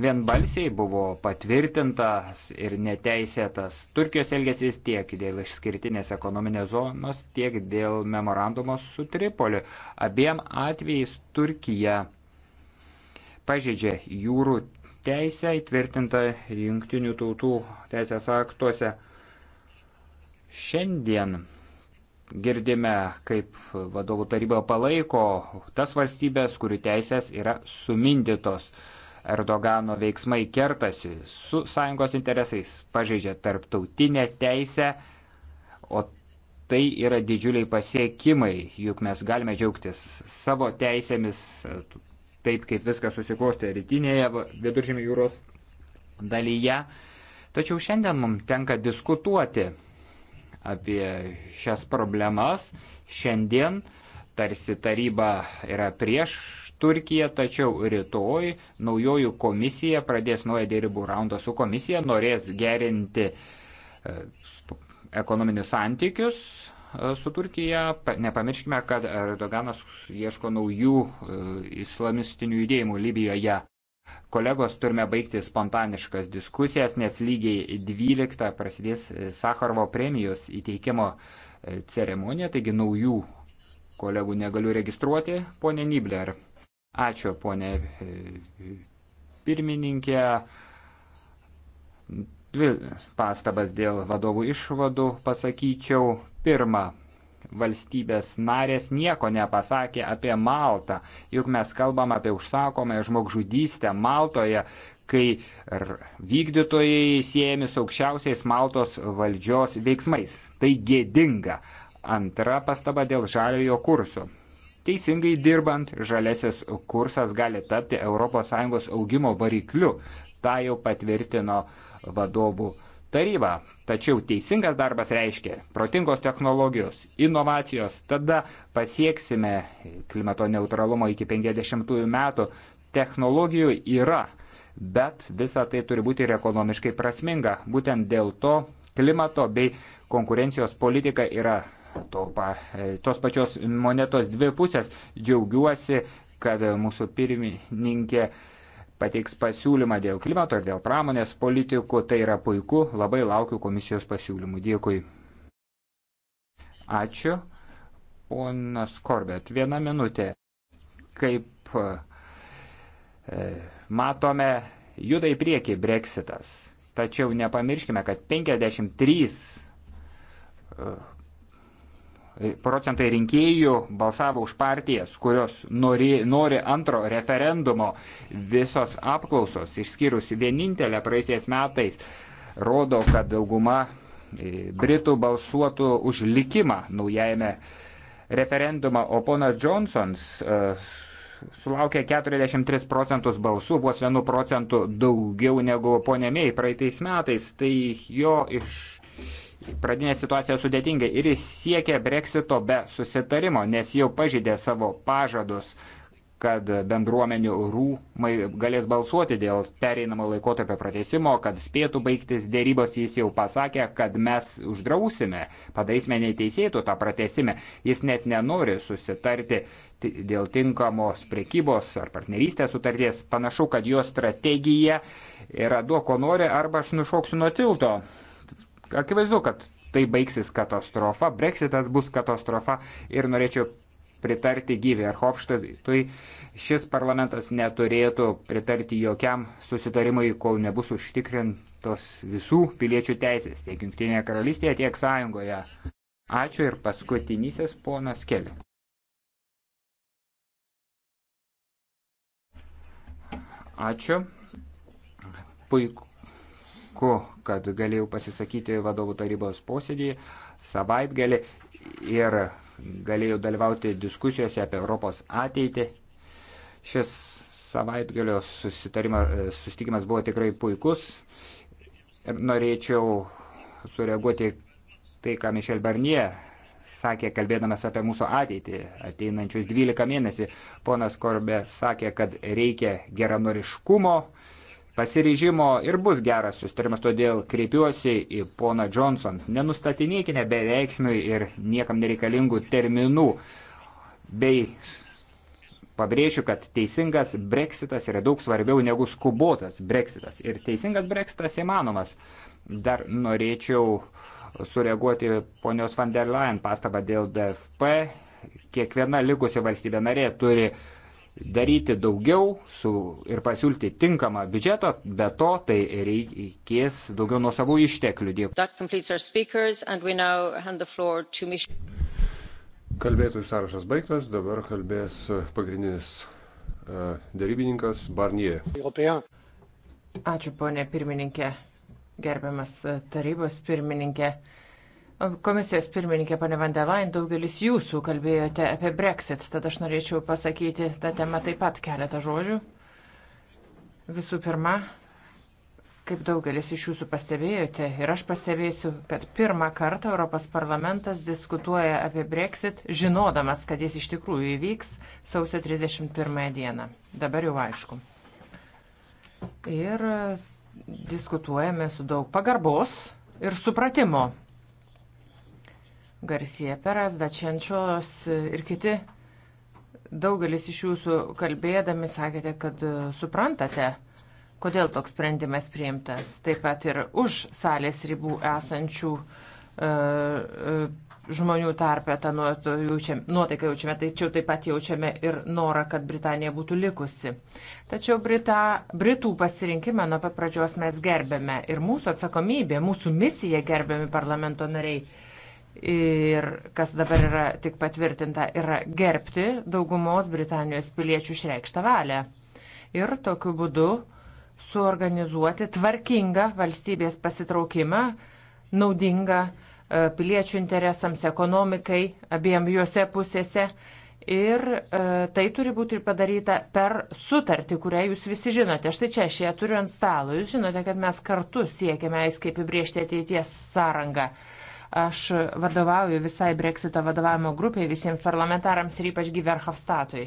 vienbalsiai buvo patvirtintas ir neteisėtas Turkijos elgesys tiek dėl išskirtinės ekonominės zonos, tiek dėl memorandumo su Tripoliu. Abiem atvejais Turkija pažeidžia jūrų teisę įtvirtintą jungtinių tautų teisės aktuose. Šiandien Girdime, kaip vadovų taryba palaiko tas valstybės, kurių teisės yra sumindytos. Erdogano veiksmai kertasi su sąjungos interesais, pažeidžia tarptautinę teisę, o tai yra didžiuliai pasiekimai, juk mes galime džiaugtis savo teisėmis, taip kaip viskas susiklostė rytinėje viduržymio jūros dalyje. Tačiau šiandien mums tenka diskutuoti apie šias problemas. Šiandien tarsi taryba yra prieš Turkiją, tačiau rytoj naujojų komisija pradės naują dėrybų raundą su komisija, norės gerinti e, ekonominius santykius e, su Turkija. Nepamirškime, kad Erdoganas ieško naujų e, islamistinių judėjimų Libijoje. Kolegos, turime baigti spontaniškas diskusijas, nes lygiai 12 prasidės e, Sakarvo premijos įteikimo e, ceremonija, taigi naujų kolegų negaliu registruoti. Pone Nibler, ačiū, pone pirmininkė. Dvi pastabas dėl vadovų išvadų pasakyčiau. Pirma, valstybės narės nieko nepasakė apie Maltą. Juk mes kalbam apie užsakomą žmogžudystę Maltoje, kai vykdytojai siejami su aukščiausiais Maltos valdžios veiksmais. Tai gėdinga. Antra pastaba dėl žaliojo kurso. Teisingai dirbant, žalesis kursas gali tapti ES augimo varikliu. Ta jau patvirtino vadovų taryba. Tačiau teisingas darbas reiškia protingos technologijos, inovacijos, tada pasieksime klimato neutralumo iki 50 metų. Technologijų yra, bet visa tai turi būti ir ekonomiškai prasminga. Būtent dėl to klimato bei konkurencijos politika yra to pa, e, tos pačios monetos dvi pusės. Džiaugiuosi, kad mūsų pirmininkė uh, pateiks pasiūlymą dėl klimato ir dėl pramonės politikų. Tai yra puiku, labai laukiu komisijos pasiūlymų. Dėkui. Ačiū. Ponas Korbet, viena minutė. Kaip e, matome, juda į priekį breksitas. Tačiau nepamirškime, kad 53 procentai rinkėjų balsavo už partijas, kurios nori, nori antro referendumo. Visos apklausos, išskyrus vienintelę praeisiais metais, rodo, kad dauguma e, Britų balsuotų už likimą naujajame referendumą, o ponas Johnsons e, sulaukė 43 procentus balsų, vos 1 procentų daugiau negu ponė Mei praeitais metais, tai jo iš pradinė situacija sudėtinga ir jis siekia breksito be susitarimo, nes jau pažydė savo pažadus, kad bendruomenių rūmai galės balsuoti dėl pereinamo laikotarpio pratesimo, kad spėtų baigtis dėrybos, jis jau pasakė, kad mes uždrausime, padaisime neteisėtų tą pratesimą, jis net nenori susitarti dėl tinkamos prekybos ar partnerystės sutarties, panašu, kad jo strategija yra duo, ko nori, arba aš nušoksiu nuo tilto. Akivaizdu, kad tai baigsis katastrofa, breksitas bus katastrofa ir norėčiau pritarti gyvė ar Hofštatui. Šis parlamentas neturėtų pritarti jokiam susitarimui, kol nebus užtikrintos visų piliečių teisės tiek Junktinėje karalystėje, tiek sąjungoje. Ačiū ir paskutinysis ponas Keli. Ačiū. Puiku kad galėjau pasisakyti vadovų tarybos posėdėje savaitgalį ir galėjau dalyvauti diskusijose apie Europos ateitį. Šis savaitgalio susitikimas buvo tikrai puikus ir norėčiau sureaguoti tai, ką Mišel Barnie sakė, kalbėdamas apie mūsų ateitį, ateinančius 12 mėnesį. Ponas Korbė sakė, kad reikia geranoriškumo pasiryžimo ir bus geras sustarimas, todėl kreipiuosi į poną Johnson. Nenustatinėkime bereikšmių ir niekam nereikalingų terminų. Bei pabrėšiu, kad teisingas breksitas yra daug svarbiau negu skubotas breksitas. Ir teisingas breksitas įmanomas. Dar norėčiau sureaguoti ponios van der Leyen pastabą dėl DFP. Kiekviena likusi valstybė narė turi uh, daryti daugiau su, ir pasiūlyti tinkamą biudžetą, be to tai reikės daugiau nuo savų išteklių. Dėkui. Kalbėtojų sąrašas baigtas, dabar kalbės e, pagrindinis uh, darybininkas Barnier. Ačiū, ponė pirmininkė, gerbiamas e, tarybos pirmininkė. Uh, Komisijos pirmininkė pane Vandelain, daugelis jūsų kalbėjote apie Brexit, tad aš norėčiau pasakyti tą temą taip pat keletą žodžių. Visų pirma, kaip daugelis iš jūsų pastebėjote, ir aš pastebėsiu, kad pirmą kartą Europos parlamentas diskutuoja apie Brexit, žinodamas, kad jis iš tikrųjų įvyks sausio 31 dieną. Dabar jau aišku. Ir diskutuojame su daug pagarbos ir supratimo Garcija Peras, Dačiančios ir kiti. Daugelis iš jūsų kalbėdami sakėte, kad e, suprantate, kodėl toks sprendimas priimtas. Taip pat ir už salės ribų esančių uh, žmonių tarpę tą nuotaiką jaučiame, tačiau taip pat jaučiame ir norą, kad Britanija būtų likusi. Tačiau Brita, Britų pasirinkimą nuo pat pradžios mes gerbėme ir mūsų atsakomybė, mūsų misija gerbėmi parlamento nariai ir kas dabar yra tik patvirtinta, yra gerbti daugumos Britanijos piliečių išreikštą valią. Ir tokiu būdu suorganizuoti tvarkingą valstybės pasitraukimą, naudingą e, piliečių interesams, ekonomikai, abiem juose pusėse. Ir e, tai turi būti padaryta per sutartį, kurią jūs visi žinote. Štai čia aš ją turiu ant stalo. Jūs žinote, kad mes kartu siekiame aiškiai apibriežti ateities sąrangą. E, Aš vadovauju visai Brexito vadovavimo grupiai, visiems parlamentarams ir ypač Giverhofstatui.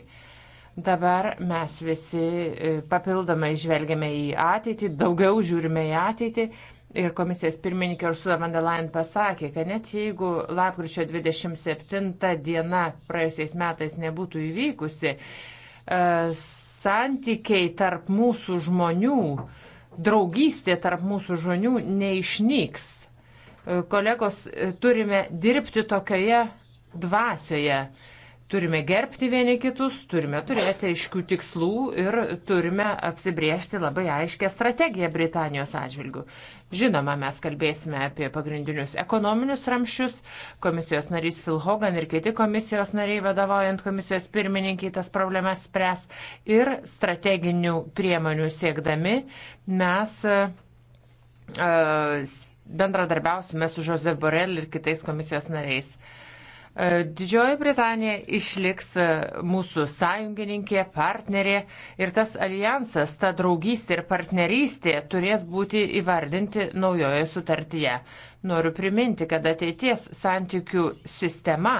Dabar mes visi e, papildomai žvelgiame į ateitį, daugiau žiūrime į ateitį ir komisijos pirmininkė Ursula von der Leyen pasakė, kad net jeigu lapkričio 27 diena praėjusiais metais nebūtų įvykusi, e, santykiai tarp mūsų žmonių, draugystė tarp mūsų žmonių neišnyks. E, kolegos, e, turime dirbti tokioje dvasioje. Turime gerbti vieni kitus, turime turėti aiškių tikslų ir turime apsibriežti labai aiškę strategiją Britanijos atžvilgių. Žinoma, mes kalbėsime apie pagrindinius ekonominius ramščius. Komisijos narys Phil Hogan ir kiti komisijos nariai, vadovaujant komisijos pirmininkiai, tas problemas spręs. Ir strateginių priemonių siekdami mes uh, bendradarbiausime su Josep Borel ir kitais komisijos nariais. E, Didžioji Britanija išliks e, mūsų sąjungininkė, partnerė ir tas alijansas, ta draugystė ir partnerystė turės būti įvardinti naujoje sutartyje. Noriu priminti, kad ateities santykių sistema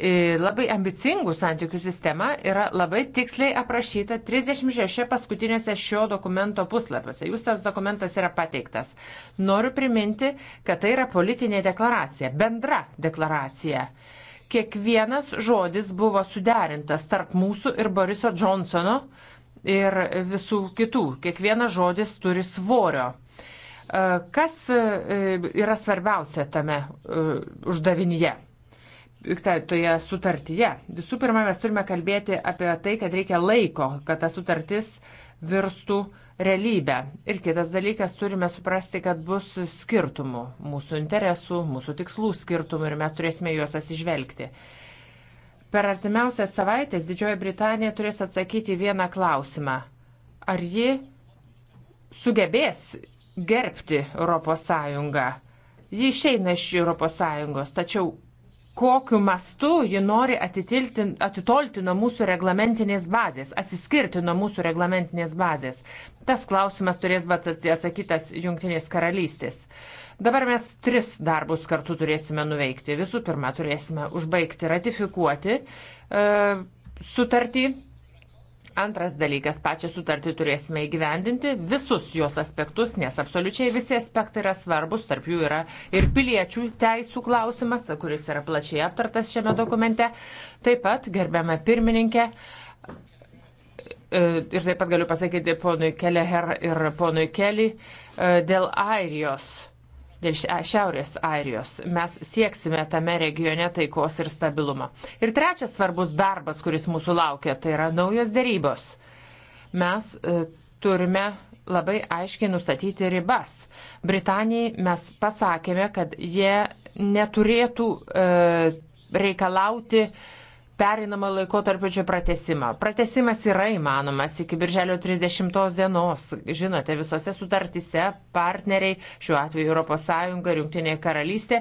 labai ambicingų santykių sistema yra labai tiksliai aprašyta 36 paskutinėse šio dokumento puslapiuose. Jūs tas dokumentas yra pateiktas. Noriu priminti, kad tai yra politinė deklaracija, bendra deklaracija. Kiekvienas žodis buvo suderintas tarp mūsų ir Boriso Johnsono ir visų kitų. Kiekvienas žodis turi svorio. E, kas e, yra svarbiausia tame e, uždavinyje? toje sutartyje. Visų pirma, mes turime kalbėti apie tai, kad reikia laiko, kad ta sutartis virstų realybę. Ir kitas dalykas, turime suprasti, kad bus skirtumų mūsų interesų, mūsų tikslų skirtumų ir mes turėsime juos atsižvelgti. Per artimiausias savaitės Didžioji Britanija turės atsakyti vieną klausimą. Ar ji sugebės gerbti ES? Ji išeina iš ES, tačiau kokiu mastu ji nori atitilti, atitolti nuo mūsų reglamentinės bazės, atsiskirti nuo mūsų reglamentinės bazės. Tas klausimas turės būti atsakytas Junktinės karalystės. Dabar mes tris darbus kartu turėsime nuveikti. Visų pirma, turėsime užbaigti ratifikuoti e, sutartį Antras dalykas, pačią sutartį turėsime įgyvendinti visus jos aspektus, nes absoliučiai visi aspektai yra svarbus, tarp jų yra ir piliečių teisų klausimas, kuris yra plačiai aptartas šiame dokumente. Taip pat, gerbiame pirmininkę, e, ir taip pat galiu pasakyti ponui Keleher ir ponui Kelly e, dėl Airijos dėl Šiaurės Airijos. Mes sieksime tame regione taikos ir stabilumo. Ir trečias svarbus darbas, kuris mūsų laukia, tai yra naujos dėrybos. Mes e, turime labai aiškiai nustatyti ribas. Britanijai mes pasakėme, kad jie neturėtų e, reikalauti uh, pereinamą laikotarpio pratesimą. Pratesimas yra įmanomas iki birželio 30 dienos. Žinote, visose sutartise partneriai, šiuo atveju ES ir Junktinė karalystė,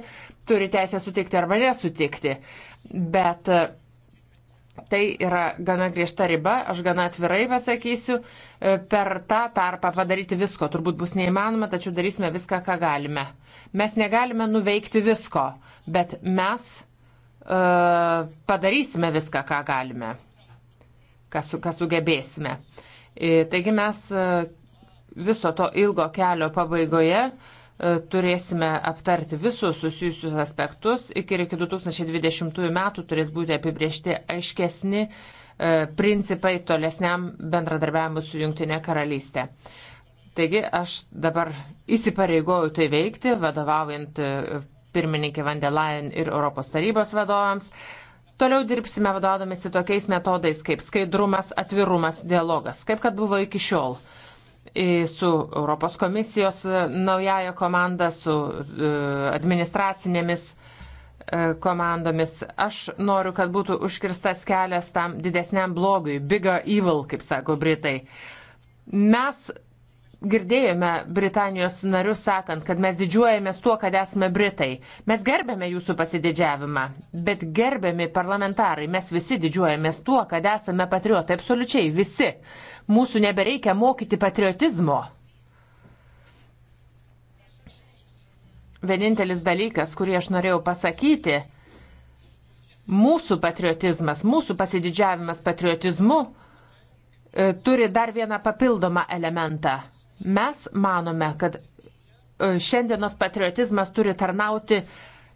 turi teisę sutikti arba nesutikti. Bet e, tai yra gana griežta riba, aš gana atvirai pasakysiu, e, per tą tarpą padaryti visko turbūt bus neįmanoma, tačiau darysime viską, ką galime. Mes negalime nuveikti visko, bet mes E, padarysime viską, ką galime, ką, su, ką sugebėsime. E, taigi mes e, viso to ilgo kelio pabaigoje turėsime aptarti visus susijusius aspektus ir iki 2020 metų turės būti apibriežti aiškesni principai tolesniam bendradarbiavimui su Junktinė karalystė. Taigi aš dabar įsipareigoju tai veikti, vadovaujant pirmininkė Vandelajan ir Europos tarybos vadovams. Toliau dirbsime vadovaudomėsi tokiais metodais kaip skaidrumas, atvirumas, dialogas, kaip kad buvo iki šiol. Su Europos komisijos e, naujaja komanda, su e, administracinėmis e, komandomis. Aš noriu, kad būtų užkirstas kelias tam didesniam blogui, bigger evil, kaip sako Britai. Mes girdėjome Britanijos narius sakant, kad mes didžiuojamės tuo, kad esame Britai. Mes gerbėme jūsų pasididžiavimą, bet gerbiami parlamentarai, mes visi didžiuojamės tuo, kad esame patriotai, absoliučiai visi. Mūsų nebereikia mokyti patriotizmo. Vienintelis dalykas, kurį aš norėjau pasakyti, mūsų patriotizmas, mūsų pasididžiavimas patriotizmu e, turi dar vieną papildomą elementą Mes manome, kad e, šiandienos patriotizmas turi tarnauti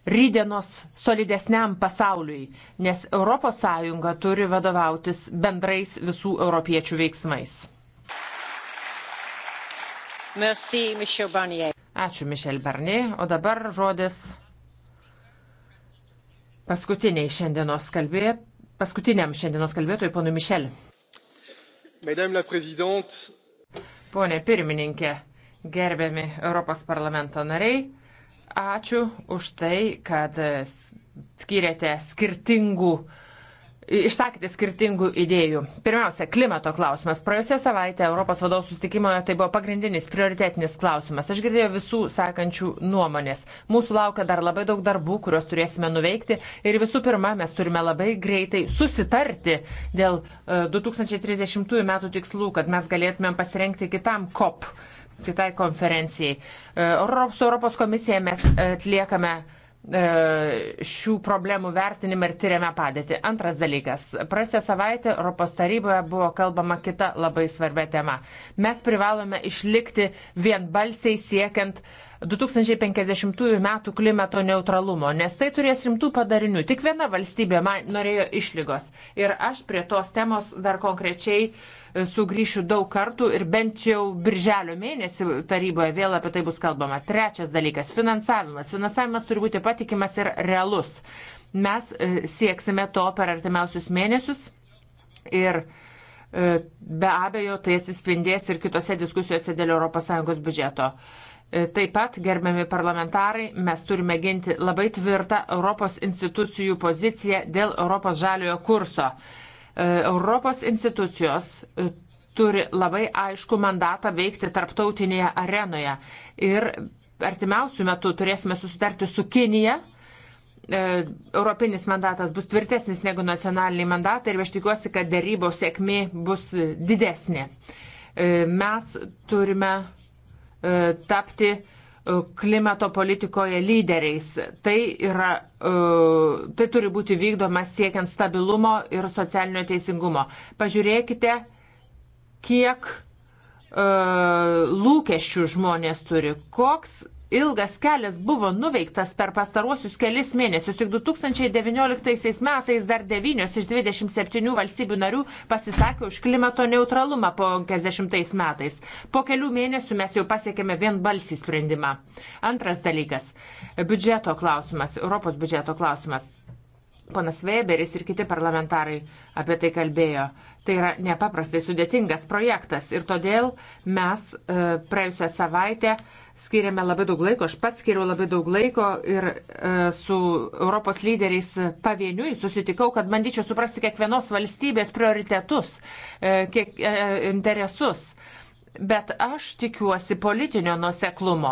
rydienos solidesniam pasauliui, nes ES turi vadovautis bendrais visų europiečių veiksmais. Merci, Michel Ačiū, Mišel Barnier. O dabar žodis paskutiniai šiandienos kalbėt, paskutiniam šiandienos kalbėtojui, ponu Mišel. Madame la Présidente, Pone pirmininkė, gerbiami Europos parlamento nariai, ačiū už tai, kad skiriate skirtingų uh, išsakėte skirtingų idėjų. Pirmiausia, klimato klausimas. Praėjusią savaitę Europos vadovų sustikimoje tai buvo pagrindinis prioritetinis klausimas. Aš girdėjau visų sakančių nuomonės. Mūsų laukia dar labai daug darbų, kuriuos turėsime nuveikti. Ir visų pirma, mes turime labai greitai susitarti dėl 2030 e, metų tikslų, kad mes galėtumėm pasirengti kitam COP, kitai konferencijai. E, Europos, Europos komisija mes e, atliekame E, šių problemų vertinimą ir tyriame padėtį. Antras dalykas. Praėjusią savaitę Europos taryboje buvo kalbama kita labai svarbia tema. Mes privalome išlikti vienbalsiai siekiant uh, 2050 metų klimato neutralumo, nes tai turės rimtų padarinių. Tik viena valstybė man norėjo išlygos. Ir aš prie tos temos dar konkrečiai e, sugrįšiu daug kartų ir bent jau birželio mėnesį taryboje vėl apie tai bus kalbama. Trečias dalykas - finansavimas. Finansavimas turi būti patikimas ir realus. Mes e, sieksime to per artimiausius mėnesius ir e, be abejo tai atsispindės ir kitose diskusijose dėl ES biudžeto. E, taip pat, gerbiami parlamentarai, mes turime ginti labai tvirtą Europos institucijų poziciją dėl Europos žaliojo kurso. E, Europos institucijos e, turi labai aišku mandatą veikti tarptautinėje arenoje. Ir artimiausių metų turėsime susitarti su Kinija. Europinis mandatas bus tvirtesnis negu nacionaliniai mandatai ir aš tikiuosi, kad dėrybos sėkmė bus didesnė. Mes turime E, tapti e, klimato politikoje lyderiais. Tai, yra, e, tai turi būti vykdoma siekiant stabilumo ir socialinio teisingumo. Pažiūrėkite, kiek lūkesčių žmonės turi, koks ilgas kelias buvo nuveiktas per pastaruosius kelis mėnesius. Tik 2019 metais dar 9 iš 27 valstybių narių pasisakė už klimato neutralumą po 50 metais. Po kelių mėnesių mes jau pasiekėme vien balsį sprendimą. Antras dalykas - biudžeto klausimas, Europos biudžeto klausimas. Ponas Weberis ir kiti parlamentarai apie tai kalbėjo. Tai yra nepaprastai sudėtingas projektas ir todėl mes e, praėjusią savaitę skiriame labai daug laiko, aš pats skiriu labai daug laiko ir e, su Europos lyderiais pavieniui susitikau, kad bandyčiau suprasti kiekvienos valstybės prioritetus, e, kiek, e, interesus. E, Bet aš tikiuosi politinio nuseklumo,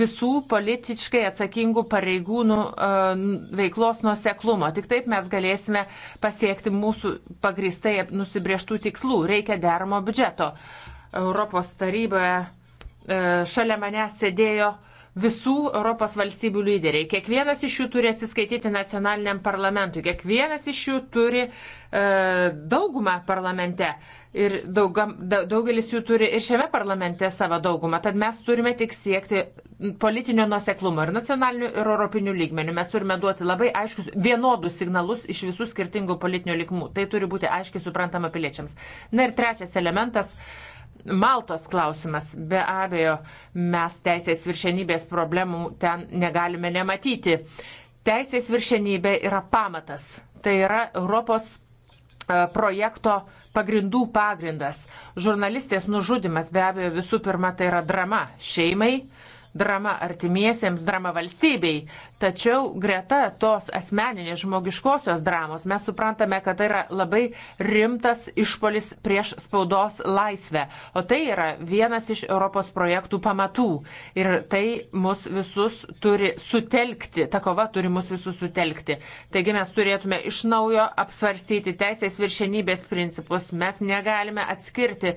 visų politiškai atsakingų pareigūnų e, veiklos nuseklumo. Tik taip mes galėsime pasiekti mūsų pagristai nusibrieštų tikslų. Reikia deramo biudžeto. Europos taryboje e, šalia manęs sėdėjo uh, visų Europos valstybių lyderiai. Kiekvienas iš jų turi atsiskaityti nacionaliniam parlamentui, kiekvienas iš jų turi e, daugumą parlamente ir daugam, da, daugelis jų turi ir šiame parlamente savo daugumą. Tad mes turime tik siekti politinio nuseklumo ir nacionalinių, ir europinių lygmenių. Mes turime duoti labai aiškius, vienodus signalus iš visų skirtingų politinio likmų. Tai turi būti aiškiai suprantama piliečiams. Na ir trečias elementas. E, Maltos klausimas. Be abejo, mes teisės viršenybės problemų ten negalime nematyti. Teisės viršenybė yra pamatas. Tai yra Europos e, projekto pagrindų pagrindas. Žurnalistės nužudimas be abejo visų pirma tai yra drama šeimai, drama artimiesiems, drama valstybei. Tačiau greta tos asmeninės žmogiškosios dramos mes suprantame, kad tai yra labai rimtas išpolis prieš spaudos laisvę. O tai yra vienas iš Europos projektų pamatų. Ir tai mus visus turi sutelkti, ta kova turi mus visus sutelkti. Taigi mes turėtume iš naujo apsvarstyti teisės viršenybės principus. Mes negalime atskirti e,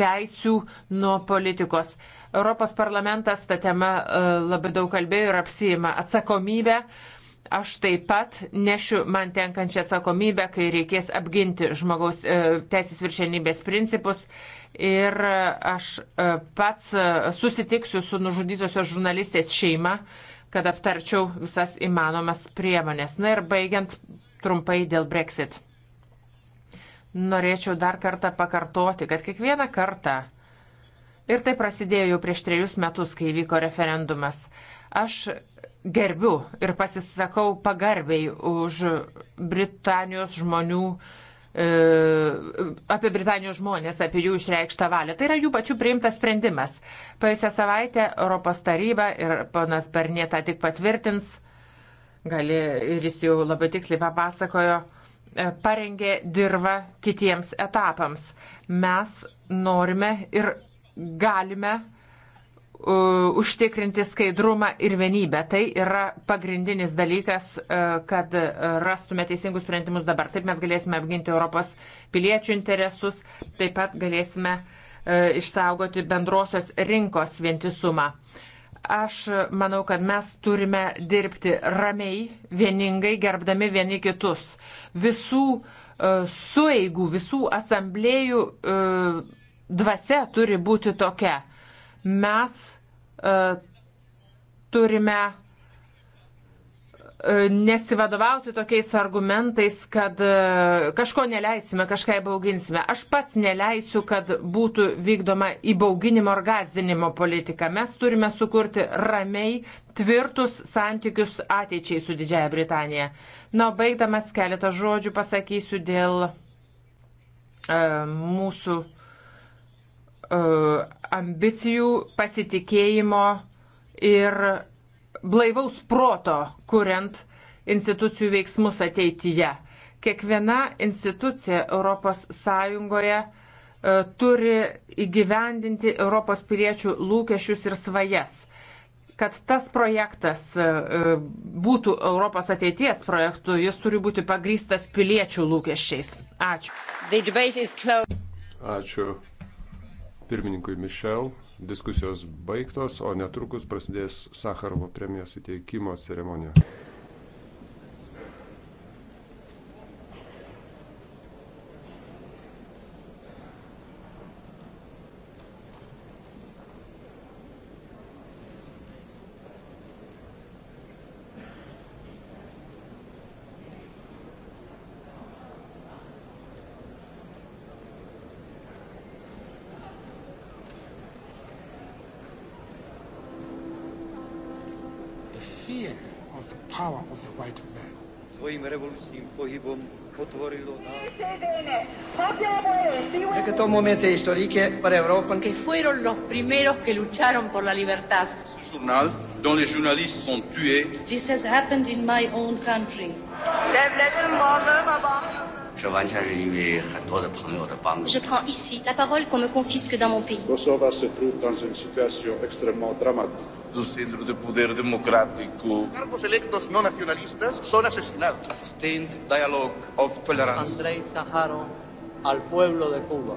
teisių nuo politikos. E, Europos parlamentas tą temą e, labai daug kalbėjo ir apsijima atsakomybę. Aš taip pat nešiu man tenkančią atsakomybę, kai reikės apginti žmogaus e, teisės viršenybės principus ir aš e, pats susitiksiu su nužudytosios žurnalistės šeima, kad aptarčiau visas įmanomas priemonės. Na ir baigiant trumpai dėl Brexit. Norėčiau dar kartą pakartoti, kad kiekvieną kartą, Ir tai prasidėjo jau prieš trejus metus, kai vyko referendumas. Aš gerbiu ir pasisakau pagarbiai už Britanijos žmonių e, apie Britanijos žmonės, apie jų išreikštą valią. Tai yra jų pačių priimtas sprendimas. Praėjusią savaitę Europos taryba ir panas Barnieta tik patvirtins, gali, ir jis jau labai tiksliai papasakojo, e, parengė dirbą kitiems etapams. Mes norime ir galime uh, užtikrinti skaidrumą ir vienybę. Tai yra pagrindinis dalykas, uh, kad rastume teisingus sprendimus dabar. Taip mes galėsime apginti Europos piliečių interesus, taip pat galėsime uh, išsaugoti bendrosios rinkos vientisumą. Aš manau, kad mes turime dirbti ramiai, vieningai, gerbdami vieni kitus. Visų uh, sueigų, visų asamblėjų uh, dvasia turi būti tokia. Mes uh, turime e, nesivadovauti tokiais argumentais, kad e, kažko neleisime, kažką įbauginsime. Aš pats neleisiu, kad būtų vykdoma įbauginimo ar gazdinimo politika. Mes turime sukurti ramiai tvirtus santykius ateičiai su Didžiaja Britanija. Na, baigdamas keletą žodžių pasakysiu dėl e, mūsų E, ambicijų, pasitikėjimo ir blaivaus proto, kuriant institucijų veiksmus ateityje. Kiekviena institucija ES e, turi įgyvendinti Europos piliečių lūkesčius ir svajas. Kad tas projektas e, būtų Europos ateities projektu, jis turi būti pagrystas piliečių lūkesčiais. Ačiū. Ačiū pirmininkui Mišel. Diskusijos baigtos, o netrukus prasidės Sakarovo premijos įteikimo ceremonija. sumamente historique para Europa. Que fueron los primeros que lucharon por la libertad. Ce journal, dont les journalistes sont tués. This has happened in my own country. Je prends ici la parole qu'on me confisque dans mon pays. Kosovo se trouve dans une situation extrêmement dramatique. do Centro de Poder Democrático. Cargos electos no nacionalistas son asesinados. A sustained dialogue of tolerance. Andrei Saharov al pueblo de Cuba.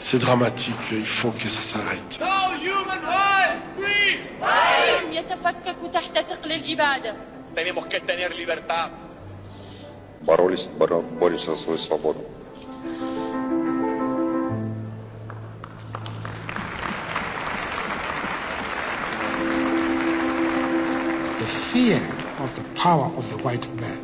C'est dramatique, il faut que ça s'arrête. يتفكك تحت تقليل إبادة. Tenemos que tener libertad. Боролись, боролись за свою свободу. The fear of the power of the white man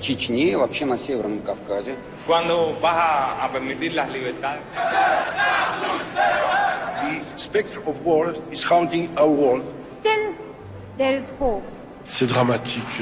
в Чечне, вообще на Северном Кавказе. Cuando vas a, a permitir las libertades? The specter of war is haunting our world. Still, there is hope. C'est dramatique.